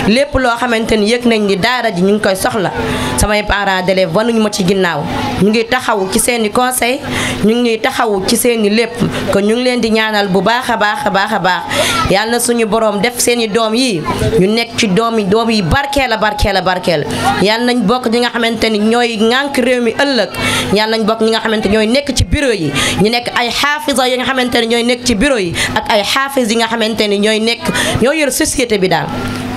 lépp loo xamante ni yëg nañ ni daara ji ñu ngi koy soxla samay parent d'élèves wanuñu ma ci ginnaaw ñu ngi taxawu ci seen i conseil ñu ngi taxawu ci seen lépp kon ñu ngi leen di ñaanal bu baax a baax a baax a baax yàlla suñu borom def seen i doom yi ñu nekk ci doom yi doom yi barkeel a barkeel a barkeel yàlla nañ bokk ñi nga xamante ni ñooy ŋànk réew mi ëllëg yàlla nañ bokk ñi nga xamante ñooy nekk ci bureau yi ñu nekk ay xaafisa yi nga xamante ne ñooy nekk ci buro yi ak ay xaafis yi nga xamante ni ñooy nekk ñoo yor société bi daal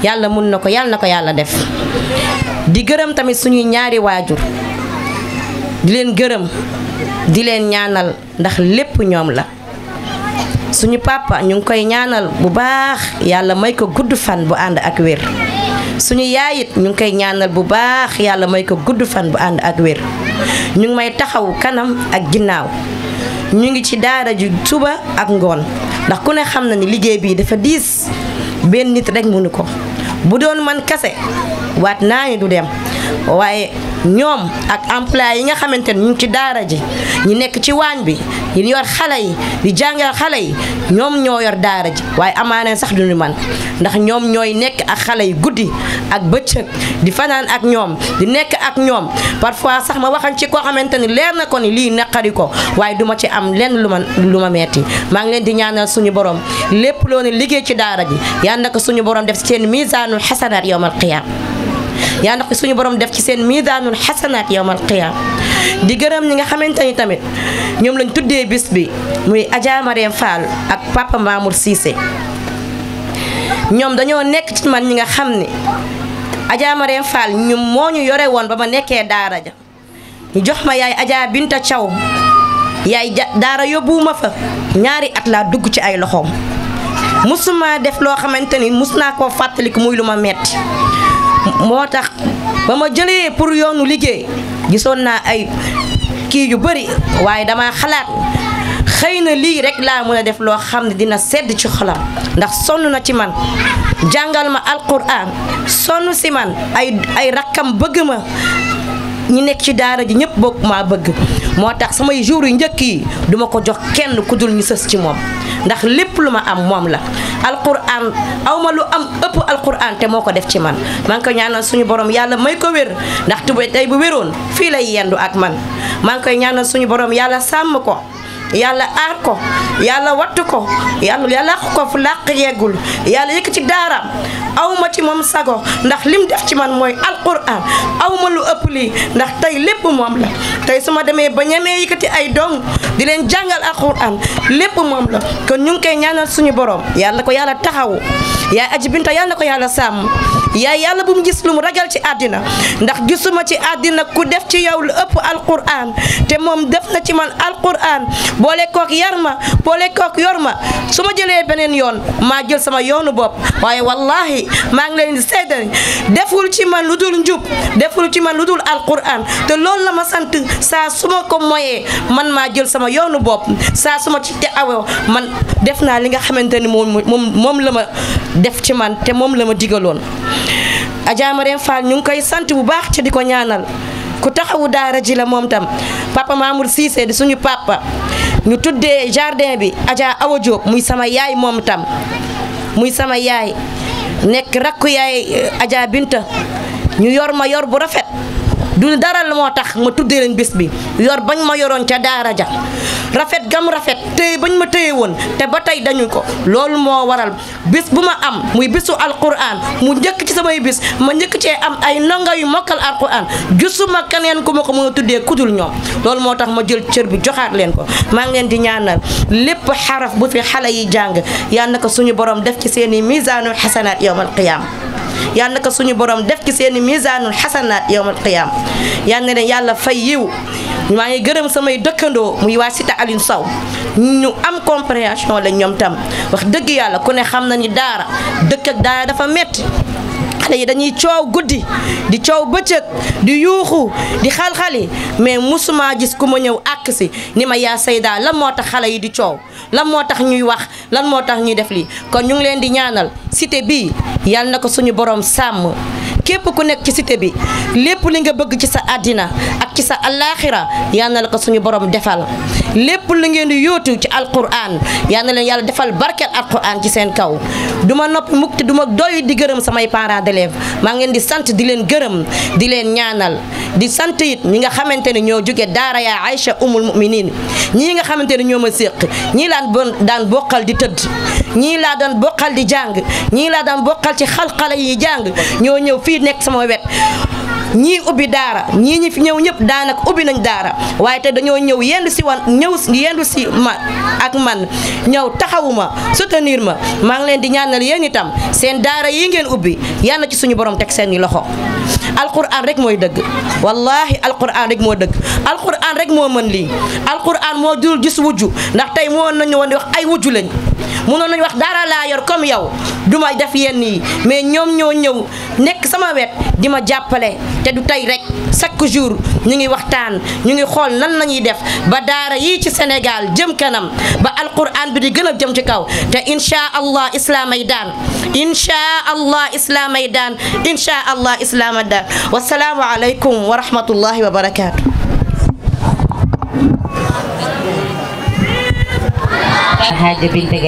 yàlla mun na ko yàlla na ko yàlla def di gërëm tamit suñuy ñaari waajur di leen gërëm di leen ñaanal ndax lépp ñoom la suñu papa ñu ngi koy ñaanal bu baax yàlla may ko gudd fan bu ànd ak wér suñu yaayit ñu ngi koy ñaanal bu baax yàlla may ko gudd fan bu ànd ak wér ñu ngi may taxawu kanam ak ginnaaw ñu ngi ci daara ju suba ak ngoon ndax ku ne xam na ni liggéey bii dafa diis benn nit rek mënu ko bu doon man kase waat naa ni du dem waaye ñoom ak employé yi nga xamante ne ñu ngi ci daara ji ñu nekk ci waañ bi ñu yor xale yi di jàngal xale yi ñoom ñoo yor daara ji waaye amaaneen sax duñu man ndax ñoom ñooy nekk ak xale yi guddi ak bëccëg di fanaan ak ñoom di nekk ak ñoom parfois sax ma waxan ci ko xamante ni leer na ko ni lii naqari ko waaye duma ci am lenn lu ma lu ma metti maa ngi leen di ñaanal suñu borom lépp loo ne liggéey ci daara ji yal na ko suñu borom def seen miisaanul xasanaat yowmal qiyaam yaa na ko suñu boroom def ci seen miidaanul xasanaat yowmal qiyaam di gërëm ñi nga xamante ni tamit ñoom lañ tuddee bis bi muy Adja Marème ak papa siise ñoom dañoo nekk ci man ñi nga xam ni Adja Marème Fall ñu moo ñu yore woon ba ma nekkee daara ja ñu jox ma yaay Adja Binta caw yaay daara yóbbuwuma fa ñaari at laa dugg ci ay loxoom musuma def loo xamante ni mus koo fàttaliku muy lu ma metti moo tax ba ma jëlee pour yoonu liggéey gisoon naa ay kii yu bëri waaye dama xalaat xëy na lii rek laa mën a def loo xam ne dina sedd ci xolam ndax sonn na ci man jàngal ma alquran sonn si man ay ay rakkam bëgg ma ñi nekk ci daara ji ñëpp bokk maa bëgg moo tax samay jour yu njëkk yi duma ko jox kenn ku dul ñu sës ci moom ndax lépp lu ma am moom la alquran awma lu am ëpp alquran te moo ko def ci man maa ko ñaanal suñu borom yàlla may ko wér ndax tubay tey bu wéroon fii lay yendu ak man maa ngi koy ñaanal suñu borom yàlla sàmm ko yàlla aar ko yàlla wattu ko yàlla yàlla ko fu làq yeggul yàlla yëkk ci daaraam awma ci moom sago ndax lim def ci man mooy alquran awma lu ëpp lii ndax tey lépp moom la tey su ma demee ba ñemee yëkkati ay dong di leen jàngal alquran lépp moom la kon ñu ngi koy ñaanal suñu borom yàlla ko yàlla taxawu yaay aji binta yàlla ko yàlla sàmm yaay yàlla bu mu gis lu mu ragal ci àddina ndax gisuma ci àddina ku def ci yow lu ëpp alquran te moom def na ci man alquran boole kook yar ma boole kook yor ma su ma jëlee beneen yoon maa jël sama yoonu bopp waaye wallahi maa ngi leen di seedal deful ci man lu dul njub deful ci man lu dul alquran te loolu la ma sant saa su ma ko moyee man maa jël sama yoonu bopp saa suma ma ci te awoo man def naa li nga xamante ni moom moom la ma def ci man te moom la ma digaloon Adja Marème Fall ñu ngi koy sant bu baax ci di ko ñaanal ku taxawu daara ji la moom tam papa Mamour Cissé di suñu papa ñu tuddee jardin bi Adja Awa Diop muy sama yaay moom tam muy sama yaay nekk rakku yaay eh, Adja Binta ñu yor ma yor bu rafet du dara lu moo tax ma tuddee leen bis bi yor bañ ma yoroon ca daara ja rafet gam rafet téye bañ ma téye woon te ba tey dañu ko loolu moo waral bis bu ma am muy bisu alquran mu njëkk ci samay bis ma njëkk cee am ay ndongo yu mokkal alquran gisuma keneen ku ma ko mën a tuddee kudul ñoom loolu moo tax ma jël cër bi joxaat leen ko maa ngi leen di ñaanal lépp xaraf bu fi xale yi jàng yal na ko suñu borom def ci seeni misaanul xasanaat yowmal qiyaam yal na ko suñu borom def ci seeni misaanul xasanaat yowmal qiyaam yal na yàlla fay yiw maa ngi gërëm samay dëkkandoo muy waa Cité Alioune Sow ñu am compréhension lañ ñoom tam wax dëgg yàlla ku ne xam na ni daara dëkk ak daara dafa metti xale yi dañuy coow guddi di coow bëccëg di yuuxu di xalxali mais musuma gis ku ma ñëw àkk si ni ma yaa sayda lan moo tax xale yi di coow lan moo tax ñuy wax lan moo tax ñuy def lii kon ñu leen di ñaanal cité bii yàlla na ko suñu borom sàmm képp ku nekk ci cité bi lépp li nga bëgg ci sa àddina ak ci sa allaaxira yal na la ko suñu borom defal lépp lu ngeen di yóotu ci alquran yal na leen yàlla defal barkeel alquran ci seen kaw du ma noppi mukk du ma doy di gërëm samay parent d'élèves maa ngeen di sant di leen gërëm di leen ñaanal di sant it ñi nga xamante ne ñoo jóge daara yaa Aïcha umul muminin ñii nga xamante ne ñoo ma séq ñii laan bon daan bokkal di tëdd ñii laa daan bokkal di jàng ñii laa daan bokkal ci xalxala yi jàng ñoo ñëw fii nekk sama wet ñii ubbi daara ñii ñi fi ñëw ñëpp daanak ubbi nañ daara ñëw yendu si ma ak man ñëw taxawu ma soutenir ma maa ngi leen di ñaanal yéen itam seen daara yi ngeen ubbi yal ci suñu borom teg seen i loxo alquran rek mooy dëgg wallahi alquran rek moo dëgg alquran rek moo mën lii alquran moo dul gis wujju ndax tey moo nañu woon di wax ay wujju lañ mënoon nañu wax daara laa yor comme yow duma def yenn yi mais ñoom ñoo ñëw nekk sama wet di ma jàppale te du tey rek chaque jour ñu ngi waxtaan ñu ngi xool nan lañuy def ba fii ci Sénégal jëm kanam ba alquran bi di gën a jëm ci kaw te incha allah islaamay daan incha allah allah islaamay daan wasalaamu aleykum wa rahmatullahi wa barakaatu. Haaja Binte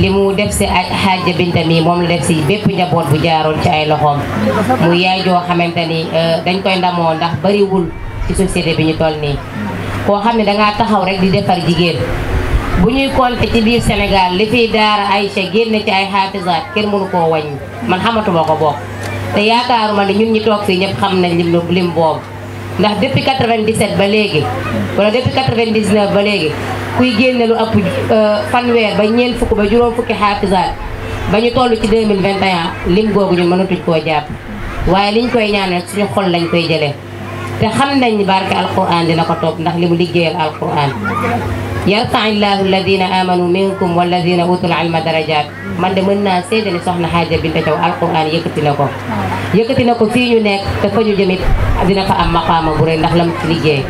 li mu def si ay xaaja binta mi moom la def si bépp njaboot bu jaaroon ci ay loxoom mu yaay joo xamante ni euh, dañ koy ndamoo ndax bariwul ci société bi ñu toll nii koo xam ne dangaa taxaw rek di defar jigéen bu ñuy compter ci biir Sénégal li fiy daara Aïcha génn ci ay xaafisaat kenn mënu koo wañ man xamatuma ko bokk te yaakaaruma ni ñun ñi toog fii ñëpp xam nañ lim lim boobu ndax depuis 97 ba léegi wala depuis ba léegi kuy génne lu ëpp euh, fanwee ba ñeent fukk ba juróom fukki xaafisaat ba ñu toll ci mille 2021 lim googu ñu mënatuñ koo jàpp waaye liñ koy ñaanal suñu xol lañ koy jëlee te xam nañ barke alquran dina ko toog ndax li mu liggéeyal alquran يرفع الله الذين امنوا منكم والذين اوتوا العلم درجات من دمنا سيدنا سخنا حاجه بنت تو القران يكتي نكو يكتي نكو في ني نيك تا فاجو جيميت ادنا فا ام مقام بوري ندخ لام تريجي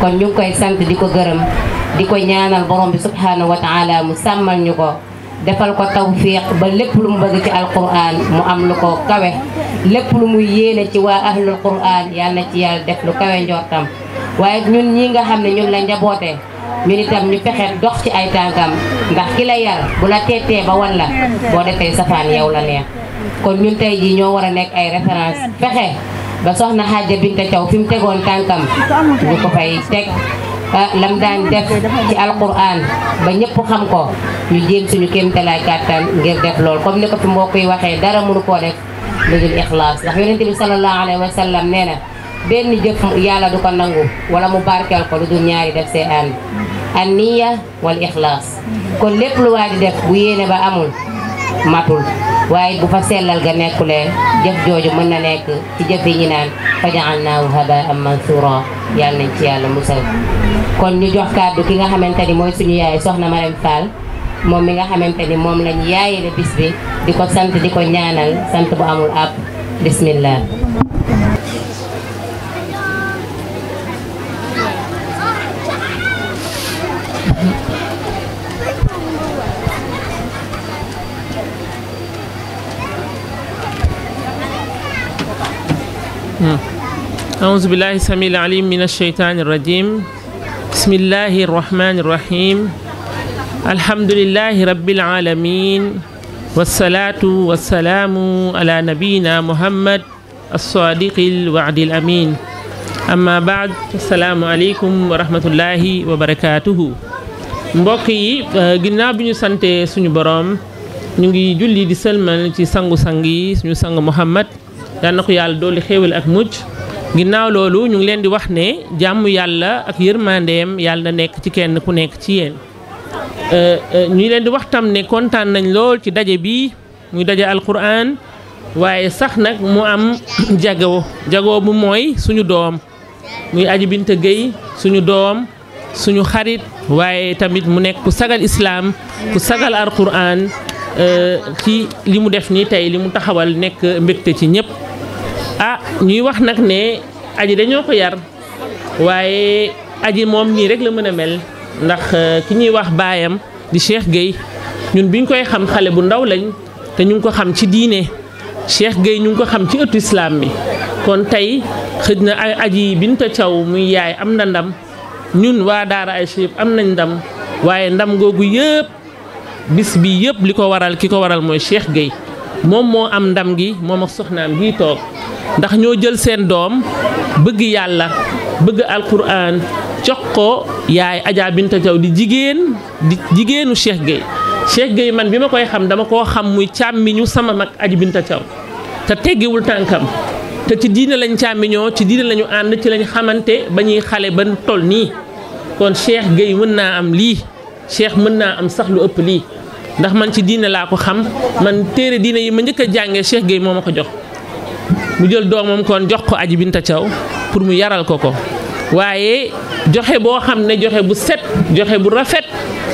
كون نيو كاي سانت ديكو غرم ديكو نيانال بروم بي سبحانه وتعالى مسمل نيوكو defal ko tawfiq ba lepp lu mu bëgg ci alquran mu am lu ko kawé lepp lu mu yéene ci wa ahlul ñun itam ñu fexe dox ci ay tànkam ndax ki la yar bu la teetee ba wan la boo defee safaan yow la neex kon ñun tey jii ñoo war a nekk ay référence fexe ba soxna Xaaja Binta Thiaw fi mu tegoon tànkam ñu ko fay teg ah, lam daan def ci alquran ba ñëpp xam ko ñu jéem suñu kéemtalaay kàttan ngir def lool comme ni ko fi mbokk yi waxee dara mënu koo def lu dul ixlaas ndax yonente bi sallallahu alayhi wa nee na benn jëf yàlla du ko nangu wala mu barkeel ko lu dul ñaari def see ànd an niya wal ixlaas kon lépp lu waa def bu yéene ba amul matul waaye bu fa sellal ga nekkulee jëf jooju mën na nekk ci jëf yi ñu naan fa ja'alnaahu haba'an mansuura yàlla nañ ci yàlla musal kon ñu jox kàddu ki nga xamante ni mooy suñu yaay soxna Marème Fall moom mi nga xamante ni moom lañ yaayee bis bi di ko sant di ko ñaanal sant bu amul àpp bismillah أعوذ بالله السميع العليم من الشيطان الرجيم بسم الله الرحمن الرحيم الحمد لله رب العالمين والصلاة والسلام على نبينا محمد الصادق الوعد الأمين أما بعد السلام عليكم ورحمة الله وبركاته mbokk yi euh, ginnaaw bi ñu sante suñu borom ñu ngi julli di sëlmal ci sangu-sang suñu sang Muhammad yàlla na ko yàlla dolli xéewal ak mujj ginnaaw loolu ñu ngi leen di wax ne jàmm yàlla ak yërmandeem yàlla nekk ci kenn ku nekk ci yéen. Euh, euh, ñu leen di wax tam ne kontaan nañ lool ci daje bi muy daje alquran waaye sax nag mu am jagoo jagoo bu mooy suñu doom muy aji Binta géy suñu doom. suñu xarit waaye tamit mu nekk ku sagal islaam ku sagal alquran euh, ci li mu def nii tey li mu taxawal nekk mbégte ci ñëpp ah ñuy wax nag ne aji dañoo ko yar waaye aji moom nii rek la mën a mel ndax euh, ki ñuy wax baayam di Cheikh Gueye ñun biñ koy xam xale bu ndaw lañ te ñu ngi ko xam ci diine Cheikh Gueye ñu ngi ko xam ci ëttu islam bi kon tey xëj na aji Binta Thiaw muy yaay am na ndam ñun waa Daara Aïcha am nañ ndam waaye ndam googu yëpp bis bi yëpp li ko waral ki ko waral mooy Cheikh Gueye moom moo am ndam gi moom ak soxnaam gi toog ndax ñoo jël seen doom bëgg yàlla bëgg alquran jox ko yaay Adja Binta Thiaw di jigéen di jigéenu Cheikh Gueye Cheikh Gueye man bi ma koy xam dama koo xam muy càmmiñu sama mag Adja Binta Thiaw te teggiwul tànkam te ci diine lañ càmmiñoo ci diine lañu ànd ci lañ xamante ba ñuy xale ba toll nii kon Cheikh Gueye mën naa am lii Cheikh mën naa am sax lu ëpp lii ndax man ci diine laa ko xam man téere diine yi ma njëkk a jàngee Cheikh Gueye moo ma ko jox mu jël doomam kon jox ko aji binta caw pour mu yaral ko ko waaye joxe boo xam ne joxe bu set joxe bu rafet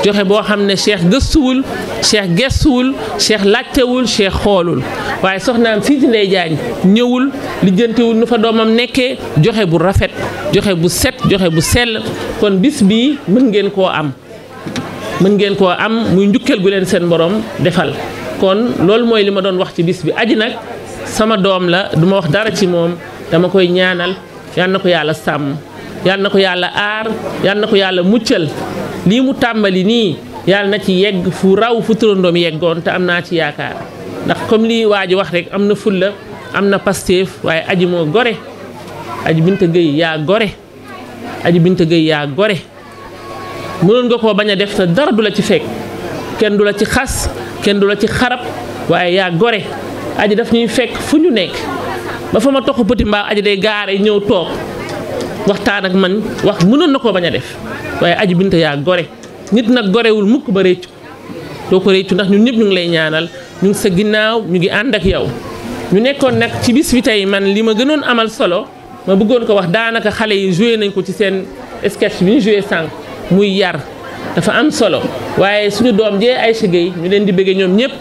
joxe boo xam ne cheikh gëstuwul cheikh gestuwul cheikh laajtewul cheikh xoolul waaye soxnaam sii ci ndey jaañ ñëwul lijjantiwul nu fa doomam nekkee joxe bu rafet joxe bu set joxe bu sell kon bis bii mën ngeen koo am mën ngeen koo am muy njukkeel gu leen seen borom defal kon loolu mooy li ma doon wax ci bis bi aji nag sama doom la duma wax dara ci moom dama koy ñaanal yal na ko yàlla sàmm yal na ko yàlla aar yal na ko yàlla muccal lii mu tàmbali nii yàlla na ci yegg fu raw fu turandoom yeggoon te am naa ci yaakaar ndax comme lii waa ji wax rek am na fulla am na pasteef waaye aji moo gore aji binta géy yaa gore aji binta géy yaa gore mënoon nga koo bañ a def te dara du la ci fekk kenn du la ci xas kenn du la ci xarab waaye yaa gore aji daf ñuy fekk fu ñu nekk ba fa ma toxu pëti mbaaw aji day gaare ñëw toog waxtaan ak man wax mënoon na koo bañ a def waaye aji binta yaa gore nit nag gorewul mukk ba réccu too ko réccu ndax ñun ñëpp ñu ngi lay ñaanal ñu ngi sa ginnaaw ñu ngi ànd ak yow ñu nekkoon nag ci bis bi tey man li ma gënoon amal solo ma bëggoon ko wax daanaka xale yi joué nañ ko ci seen sketch bi sànq muy yar dafa am solo waaye suñu doom jee Aïcha Gueye ñu leen di bëggee ñoom ñëpp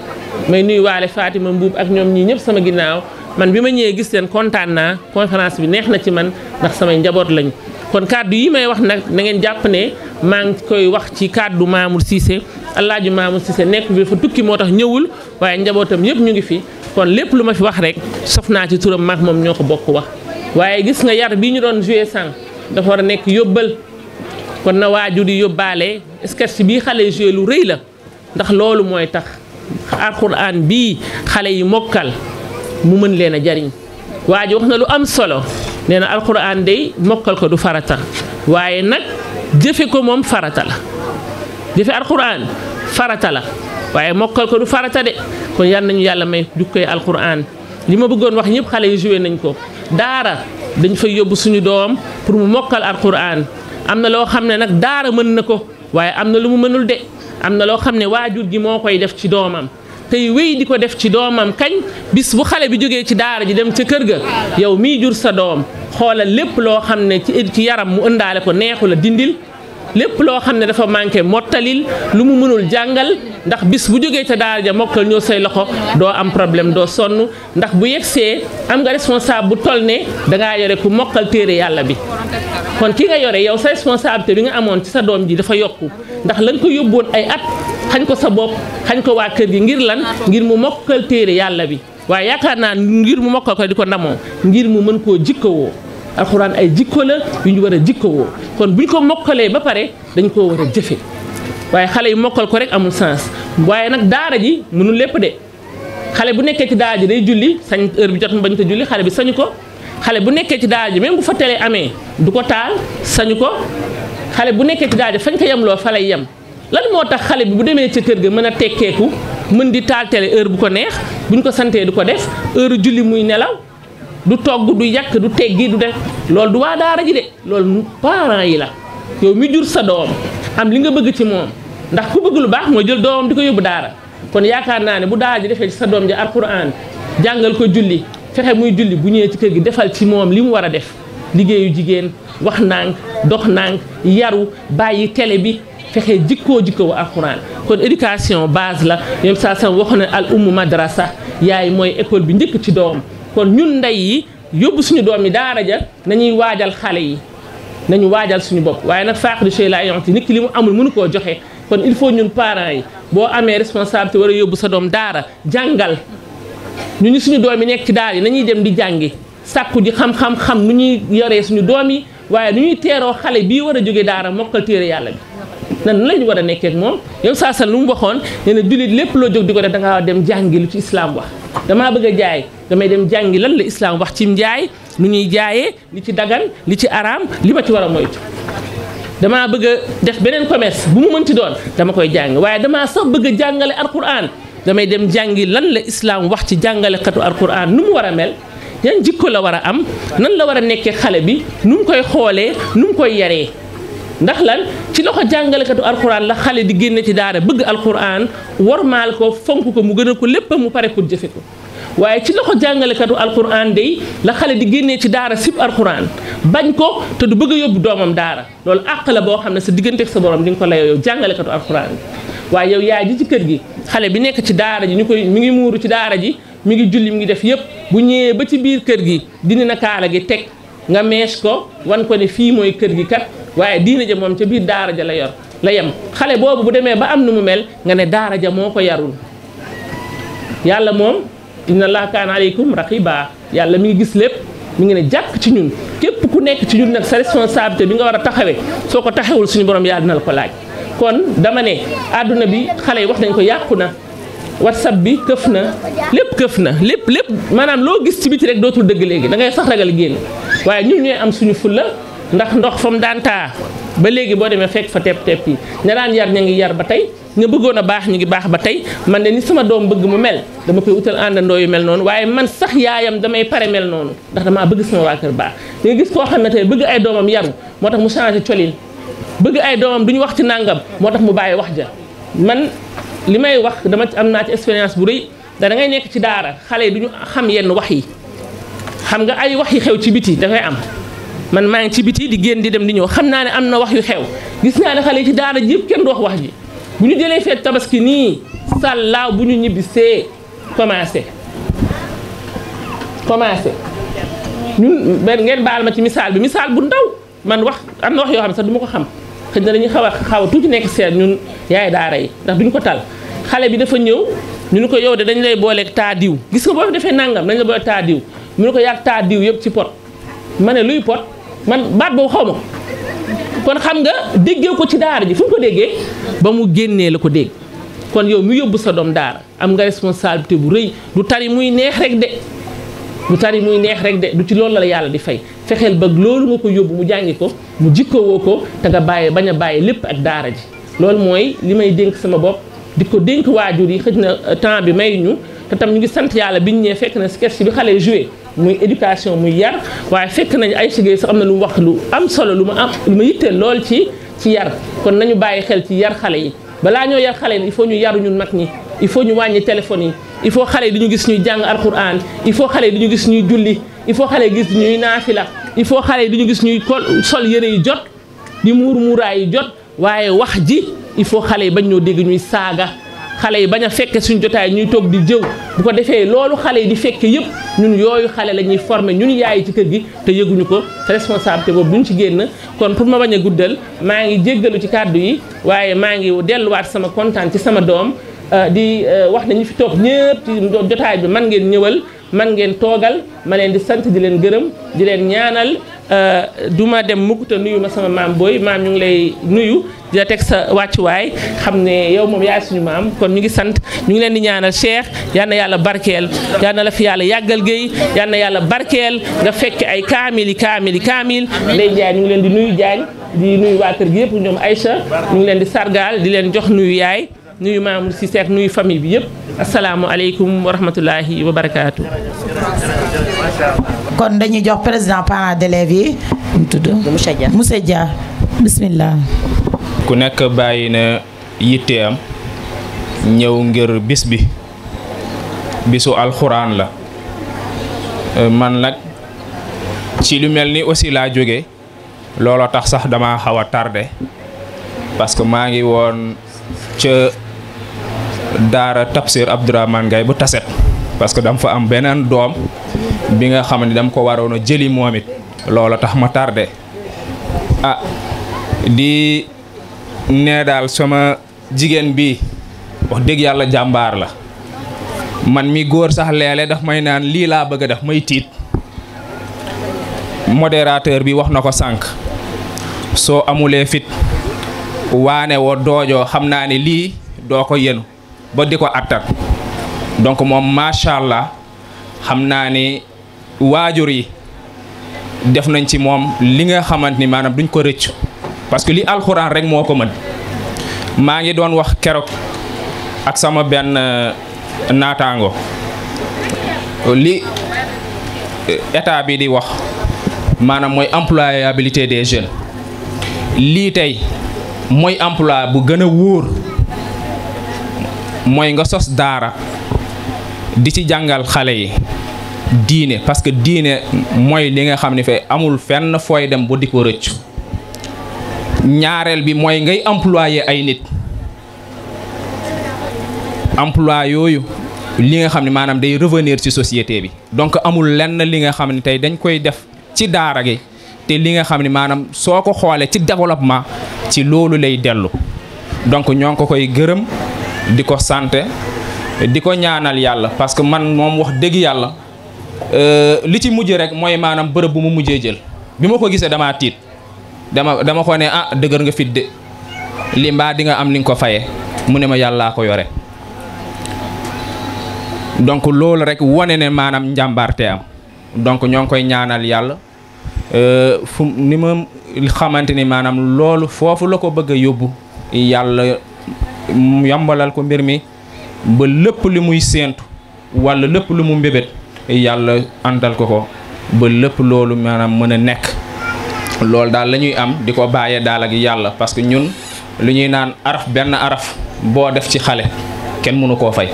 may nuyu waale ma Mbuub ak ñoom ñii ñëpp sama ginnaaw man bi ma ñëwee gis leen kontaan naa conférence bi neex na ci man ndax samay njaboot lañu. kon kàddu yi may wax nag na ngeen jàpp ne maa ngi koy wax ci kàddu Mamour Cissé Alaaji Mamour Cissé nekk bi fa tukki moo tax ñëwul waaye njabootam yëpp ñu ngi fi kon lépp lu ma fi wax rek sof naa ci turam maak moom ñoo ko bokk wax nekk yóbbal kon na waajur yi yóbbaale sketch bi xale jeu lu reuy la ndax lolu moy tax alquran bi xale yi mokal mu meun leena jariñ waa waxna lu am solo neena alquran alxuraan day mokkal ko du farata waye nak jeffe ko mom farata la jeffe alquran farata la waye mokal ko du farata de kon yal nañu yàlla may jukkee alxuraan li ma bëggoon wax ñëpp xale yi joué nañ ko daara dañ fay yóbbu suñu doom pour mu mokal alquran am na loo xam ne nag daara mën na ko waaye am na lu mu mënul de am na loo xam ne waajur gi moo koy def ci doomam tey wéy di ko def ci doomam kañ bis bu xale bi jógee ci daara ji dem ca kër ga yow mii jur sa doom xoolal lépp loo xam ne ci ci yaram mu ëndaale ko neexu la dindil lépp loo xam ne dafa manqué mottalil lu mu mënul jàngal ndax bis bu jógee ca daara ja mokkal ñëw say loxo doo am problème doo sonn ndax bu yegsee am nga responsable bu toll ne dangaa yore ku mokkal téere yàlla bi kon ki nga yore yow sa responsabilité bi nga amoon ci sa doom ji dafa yokku ndax lañ ko yóbboon ay at xañ ko sa bopp xañ ko waa kër gi ngir lan ngir mu mokkal téere yàlla bi waaye yaakaar naa ngir mu mokkal ko di ko ndamoo ngir mu mën koo jikkawoo alxuraan ay jikko la yu ñu war a jikkowoo kon bu ñu ko mokkalee ba pare dañ koo war a jëfe waaye xale yi mokkal ko rek amul sens waaye nag daara ji mënul lépp de xale bu nekkee ci daara ji day julli sañ heure bi jot na bañ ko julli xale bi sañu ko xale bu nekkee ci daara ji même bu fa télé amee du ko taal sañu ko xale bu nekkee ci daara ko yemloo fa lay yem lan moo tax xale bi bu demee ca kër ga mën a tekkeeku mën di taal télé heure bu ko neex buñ ko santee du ko def heure julli muy nelaw du togg du yàkk du teggi du def loolu du waa daara ji de loolu parents yi la yow mu jur sa doom am li nga bëgg ci moom ndax ku bëgg lu baax mooy jël doom di ko yóbbu daara kon yaakaar naa ne bu daara ji defee ci sa doom ji alquran jàngal ko julli fexe muy julli bu ñëwee ci kër gi defal ci moom li mu war a def liggéeyu jigéen wax nang dox nang yaru bàyyi télé bi fexe jikkoo jikkoo alquran kon éducation base la yom saa sam waxoon ne al yaay mooy école bi njëkk ci doom kon ñun ndey yi yóbbu suñu doom yi daara ja nañuy waajal xale yi nañu waajal suñu bopp waaye nag faaq di chey laa yonti nit ki li mu amul mënu koo joxe kon il faut ñun parents yi boo amee responsabilité war a yóbbu sa doom daara jàngal ñu ñu suñu doom yi nekk ci daara yi nañuy dem di jàngi sàkku ji xam-xam-xam nu ñuy yoree suñu doom yi waaye nu ñuy teeroo xale bii war a jóge daara mokkal téere yàlla bi nan lañ war a nekkee moom yow saa sa lu mu waxoon ne na lépp loo jóg di ko def da dem jàngi lu ci islaam wax damaa bëgg a jaay damay dem jàngi lan la islaam wax ci njaay nu ñuy jaayee li ci dagan li ci araam li ma ci war a moytu damaa bëgg def beneen commerce bu mu mënti doon dama koy jàng waaye damaa sax bëgg a jàngale alquran damay dem jàngi lan la islaam wax ci jàngalekatu alquran nu mu war a mel yan jikko la war a am nan la war a nekkee xale bi nu mu koy xoolee nu mu koy yaree ndax lan ci loxo jàngalekatu alxuraan la xale di génne ci daara bëgg alxuraan wormaal ko fonk ko mu gën ko lépp mu pare pour jëfe ko waaye ci loxo jàngalekatu alxuraan day la xale di génnee ci daara sib alxuraan bañ ko te du bëgg a yóbbu doomam daara loolu àq la boo xam ne sa diggante sa borom di nga ko layoo yow jàngalekatu alxuraan waaye yow yaay ji ci kër gi xale bi nekk ci daara ji ñu koy mi ngi muuru ci daara ji mu ngi julli mu ngi def yépp bu ñëwee ba ci biir kër gi dindi na kaala gi teg nga mees ko wan ko ne fii mooy kër gi kat waaye diine ja moom ca biir daara ja la yor la yem xale boobu bu demee ba am na mu mel nga ne daara ja moo ko yarul yàlla moom inna allaha kaana aleykum raqiba yàlla mi ngi gis lépp mu ngi ne jàkk ci ñun képp ku nekk ci ñun nag sa responsabilité bi nga war a taxawee soo ko taxewul suñu borom yàlla dina ko laaj kon dama ne àdduna bi xale yi wax nañ ko yàqu na whatsapp bi këf na lépp këf na lépp lépp maanaam loo gis ci biti rek dootul dëgg léegi da ngay sax ragal génn waaye ñun ñooy am suñu fulla ndax ndox fa mu daan taa ba léegi boo demee fekk fa tepp tepp yi ña daan yar ña ngi yar ba tey nga bëggoon a baax ñu ngi baax ba tey man de ni sama doom bëgg mu mel dama koy utal àndandoo yu mel noonu waaye man sax yaayam damay pare mel noonu ndax damaa bëgg suma waa kër baax nga gis koo xam ne tey bëgg ay doomam yaru moo tax mu changé colin bëgg ay doomam duñu wax ci nàngam moo tax mu bàyyi wax ja limay wax dama ci amna ci experience bu reuy da ngay nek ci daara xalé duñu xam yenn wax yi xam nga ay wax yi xew ci biti da ngay am man ma ngi ci biti di genn di dem di ñew xam naa ne amna wax yu xew gis nga ne xalé ci daara ji yëpp kenn du wax wax ji buñu jëlé jëlee tabaski ni sàllaaw buñu ñu ñibbisee commencé commencé ñun ben ngeen baal ma ci misal bi misal bu ndaw man wax amna wax yo xam sa duma ko xam xëñ na lañu xawa xawa tuuti nek seet ñun yaay daara yi ndax duñ ko tal xale bi dafa ñëw ñu ne ko yow de dañu lay booleeg taa diw gis nga boo defee nangam dañu la booleeg taa diw ñu ko yàgg taa diw yëpp ci pot ma ne luy pot man baat boobu xaw ma kon xam nga déggee ko ci daara ji fu mu ko déggee ba mu génnee la ko dégg kon yow mu yóbbu sa doom daara am nga responsabilité bu rëy du tari muy neex rek de du tari muy neex rek de du ci loolu la yàlla di fay fexeel ba loolu nga ko yóbbu mu jàngi ko mu jikkoo ko te nga bàyyi bañ a bàyyi lépp ak daara ji loolu mooy li may dénk sama bopp di ko dénk waajur yi xëj na euh, temps bi may ñu te tam ñu ngi sant yàlla biñ ñee fekk na sketch bi xale joué muy éducation muy yar waaye fekk nañ ay sigéey am na lu mu lu am solo lu ma am lu ma yitteel lool ci ci yar kon nañu bàyyi xel ci yar xale yi balaa ñoo yar xale yi il faut ñu yaru ñun mag ñi il faut ñu wàññi téléphone yi il faut xale di ñu gis ñuy jàng alquran il faut xale yi di ñu gis ñuy julli il faut xale yi gis ñuy naafila il faut xale di ñu gis ñuy sol yëre yi jot di muur muuraay yi jot waaye wax ji il faut xale yi bañ ñoo dégg ñuy saaga xale yi bañ a fekke suñ jotaay ñuy toog di jëw bu ko defee loolu xale yi di fekke yëpp ñun yooyu xale la ñuy former ñun yaay ci kër gi te yëguñu ko te responsabilité boobu duñ ci génn kon pour ma bañ a guddal maa ngi jéggalu ci kàddu yi waaye maa ngi delluwaat sama kontaan ci sama doom euh, di euh, wax nañu fi toog ñëpp ci jotaay bi man ngeen ñëwal man ngeen toogal ma leen di sant di leen gërëm di leen ñaanal Euh, du ma dem mukk te nuyu ma sama maam booy maam ñu ngi lay nuyu di la teg sa wàccuwaay xam ne yow moom yaay suñu maam kon ñu ngi sant ñu ngi leen di ñaanal Cheikh yal yàlla barkeel yal la fi yàlla yàggal géey yal yàlla barkeel nga fekke ay kaamil kaamil kaamil Ndeye Ndiaye ñu ngi leen di nuyu Diagne di nuyu waa kër gi yëpp ñoom Aïcha ñu ngi leen di sargaal di leen jox nuyu yaay nuyu Mamour si ak nuyu famille bi yëpp asalaamualeykum wa rahmatulahi wa barakaatu. kon dañuy jox président parents d'élèves yi. mu Dia Moussa ku nekk bàyyi na yitteem ñëw ngir bis bi bisu alxuraan la man nag ci lu mel ni aussi laa jóge looloo tax sax dama xaw a tardé que maa ngi woon ca daara tafsir abdurrahman gay bu tasset parce que dam fa am benen dom bi nga xamni dam ko warono jeli momit lolo tax ma tardé ah di né dal sama jigen bi wax dëgg yalla jambar la man mi gor sax lélé daf may nan li la bëgg daf may tit modérateur bi wax nako sank so amulé fit waane wo dojo xamna ni li doko yenu ba diko ko attan donc moom macha allah xam ni wajuri def nañ ci mom li nga xamanteni ni duñ ko rëccu parce que li alcorane rek moko man ma ngi doon wax kérok ak sama ben euh, natango li euh, état bi di wax manam moy employabilité des jeunes li tay moy emploi bu gëna mooy nga sos daara di ci jàngal xale yi diine parce que diine mooy li nga xam ne fe amul fenn fooy dem bu di ko rëccu ñaareel bi mooy ngay employé ay nit emploi yooyu li nga xam ne maanaam day revenir ci société bi donc amul lenn li nga xam ne tey dañ koy def ci daara gi te li nga xam ne maanaam soo ko xoolee ci développement ci loolu lay dellu donc ñoo koy gërëm di ko santé di ko ñaanal yàlla parce que man moom wax dëgg yàlla euh, li ci mujj rek mooy maanaam bërëb bu mu mujjee jël bi ma ko gisee damaa tiit dama dama ko ne ah dëgër nga fit de li di nga am li nga ko faye mu ne ma yàllaa ko yore donc loolu rek wane ne maanaam njàmbaarte am donc ñoo koy ñaanal yàlla euh, fu ni ma xamante ni maanaam loolu foofu la ko bëgg a yóbbu yàlla mu yombalal ko mbir mi ba lépp li muy séentu walla lépp lu mu mbébét yàlla àndal ko ko ba lépp loolu maanaam mën a nekk loolu daal lañuy am di ko bàyyee daal ak yàlla parce que ñun lu ñuy naan araf benn araf boo def ci xale kenn mënu koo fay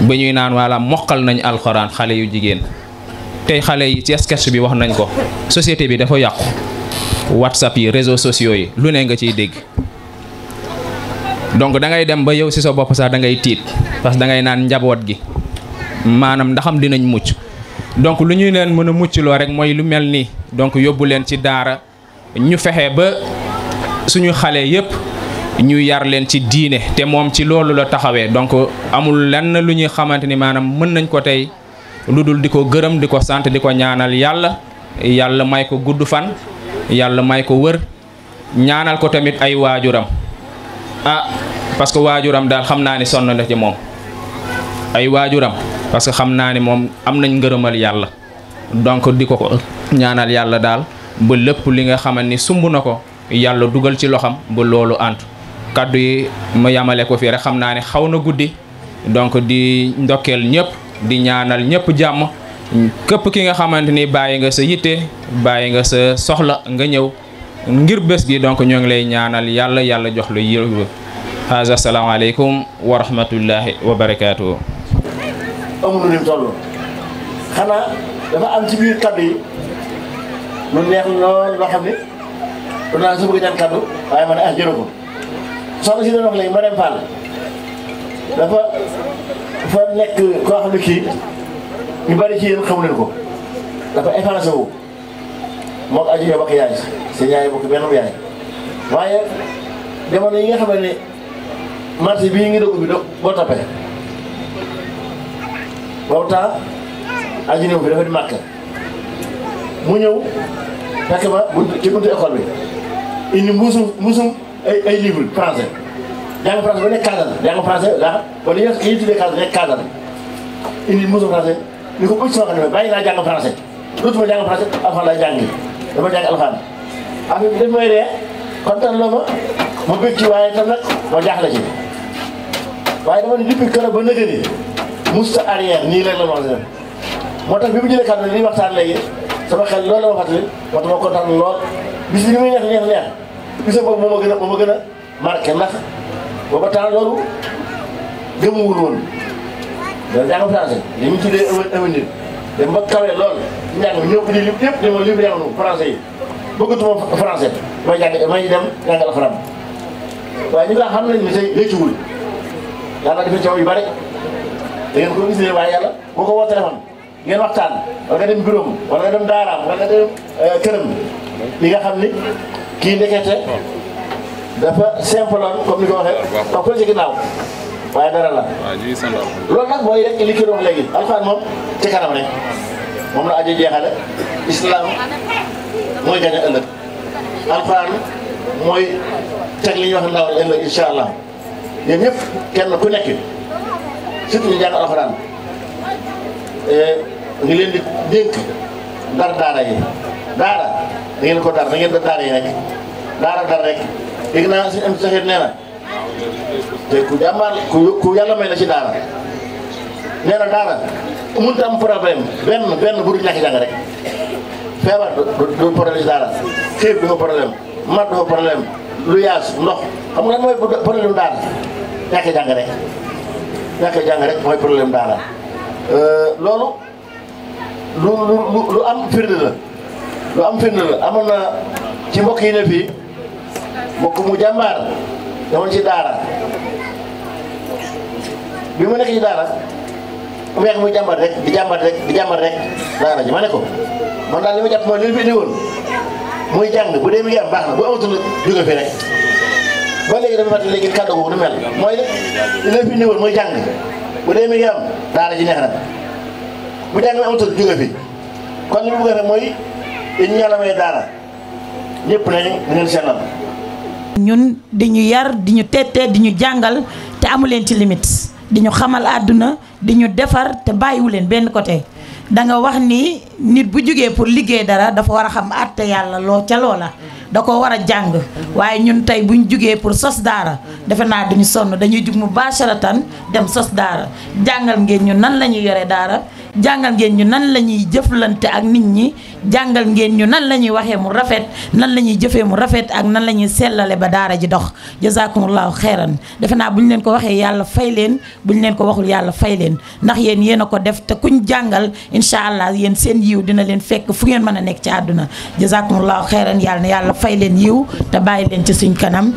ba ñuy naan walla mokkal nañ alxuraan xale yu jigéen tey xale yi ci sketch bi wax nañ ko société bi dafa yàqu whatsapp yi réseaux sociaux yi lu ne nga ciy dégg donc da ngay dem ba yow ci so bop sa da ngay tit parce da ngay nan njabot gi maanaam ndaxam dinañ mucc donc lu ñuy leen mën mucc lo rek moy lu melni donc yobul len ci daara ñu fexé ba suñu xalé yépp ñu yar len ci diiné té mom ci loolu la taxawé donc amul len lu ñuy xamante ni maanaam mën nañ ko tay luddul diko gëreem ko sante diko sant ñaanal yalla yalla may ko gudd fan may ko wër ñaanal ko tamit ay wajuram ah parce que waajuram daal xam naa ne sonn na ci moom ay waajuram parce que xam naa ni moom am nañ ngërëmal yàlla donc di ko ñaanal yàlla daal ba lépp li nga xaman ni sumb na ko yàlla dugal ci loxoom ba loolu antu kaddu yi ma yamale ko fii rek xam naa ni xaw na guddi donc di ndokkeel ñëpp di ñaanal ñëpp jàmm képp ki nga xamante ni bàyyi nga sa yitte bàyyi nga sa soxla nga ñëw ngir bés gi donc ñoo ngi lay ñaanal yàlla yàlla jox la yiw haza salaamaaleykum wa rahmatullahi wa barakaatu. amul lu ñu toll xanaa dafa am ci biir kaddu yi lu neex lool loo xam ma ne ah dafa dafa nekk koo xam ne kii ñu bari ci yéen xamu ko dafa effacé wu. moo ko aju yow ak yaay seen yaay bokk benn yaay waaye jamono yi nga xam ne marché bii ngi dugg bi do boo toppee boobu temps aju néew bi dafa di màkk mu ñëw fekk ma ci buntu école bi indi mbuusum mbuusum ay ay livre français jàng français ba nekk kàdda la jàng français la ba li ñuy tuddee kàdda nekk kàdda la indi mbuusum français ni ko bëj sama kanam bàyyi naa jàng français dootuma jàng français avant laa jàngi dama jàng alxaan affaire bi daf may ree kontaan la ma ma bëgg ci waaye tam nag ma jaaxle ci waaye dama ne depuis keroog ba nëgë ni musta arrière nii rek la ma moo tax bi mu jëlee kàddu li waxtaan léegi sama xel loolu la ma fàttali wax dama kontaan lool bis bi ni muy neex neex neex bisam boobu moo ma gën a moo ma gën a marqué ndax booba temps loolu gëmuwul woon loolu jàng français li mu tuddee avenir dem ba kawee lool njàng mi ñëw li ñëpp dama li mu français yi bëggatuma français may dem jàngal alxuraan waaye nga xam nañ ne tey réccuwul def na yu bari da ngeen waaye yàlla boo ko woo téléphone ngeen waxtaan wala nga dem bureau nga dem nga dem euh, këram li nga xam ni kii ndekete dafa simple comme ni ko waxee wax ko ci ginnaaw waaye dara la. lool nag mooy rek li ki léegi alxuraan moom ci kanam rek moom la aju jeexale islam mooy gañ a ëllëg alxuraan mooy teg li ñuy wax ndaw ëllëg incha allah yéen ñëpp kenn ku nekk surtout ñu jàng alxuraan ngi eh, leen di dénk dar daara yi daara da ngeen ko dar da ngeen da daara yi rek daara dar rek dégg naa suñu nee na. te ku jàmbaar ku ku yàlla may la ci daara nee na daara mënut am problème benn benn bu dul ñàkk jàng rek feebar du problème ci daara xiif du fa problème mat du fa problème lu yaas ndox xam nga lan problème daara ñàkk jàng rek rek lu lu lu am firnde la lu am firnde la amoon na eh, ci mbokk yi ne mbokk mu dama ci daara bi ma nekk ci daara weex muy jàmbar rek di jàmbat rek di jàmbat rek daara ji ma ne ko man daal li ma jàpp mooy li ñu woon muy jàng bu dee mi ngi am baax na bu amatul jóge fi rek ba mooy li ñu muy jàng bu daara ji neex na bu jàng mi amatul jóge fi kon mu bëgg a def mooy ñu daara ñëpp nañu ñu leen seenal ñun di ñu yar di ñu teetee di ñu jàngal te amu leen ci limite di ñu xamal àdduna di ñu defar te bàyyiwu leen benn côté da nga wax ni nit bu jógee pour liggéey dara dafa war a xam àtte yàlla loo ca loola da ko war a jàng waaye ñun tey bu ñu jugee pour sos daara defe naa duñu sonn dañuy jug mu baasharatan dem sos daara jàngal ngeen ñu nan la ñuy yore daara jàngal ngeen ñu nan la ñuy jëflante ak nit ñi jàngal ngeen ñu nan la ñuy waxee mu rafet nan la ñuy jëfee mu rafet ak nan la ñuy sellale ba daara ji dox jazakumullahu xeeran defe naa bu ñu leen ko waxee yàlla fay leen bu ñu leen ko waxul yàlla fay leen ndax yéen yéen a ko def te kuñ jàngal incha allah yéen seen yiw dina leen fekk fu ngeen mën a nekk ci àdduna jazakumullahu xeeran yàlla na yàlla fay leen yiw te bàyyi leen ci suñ kanam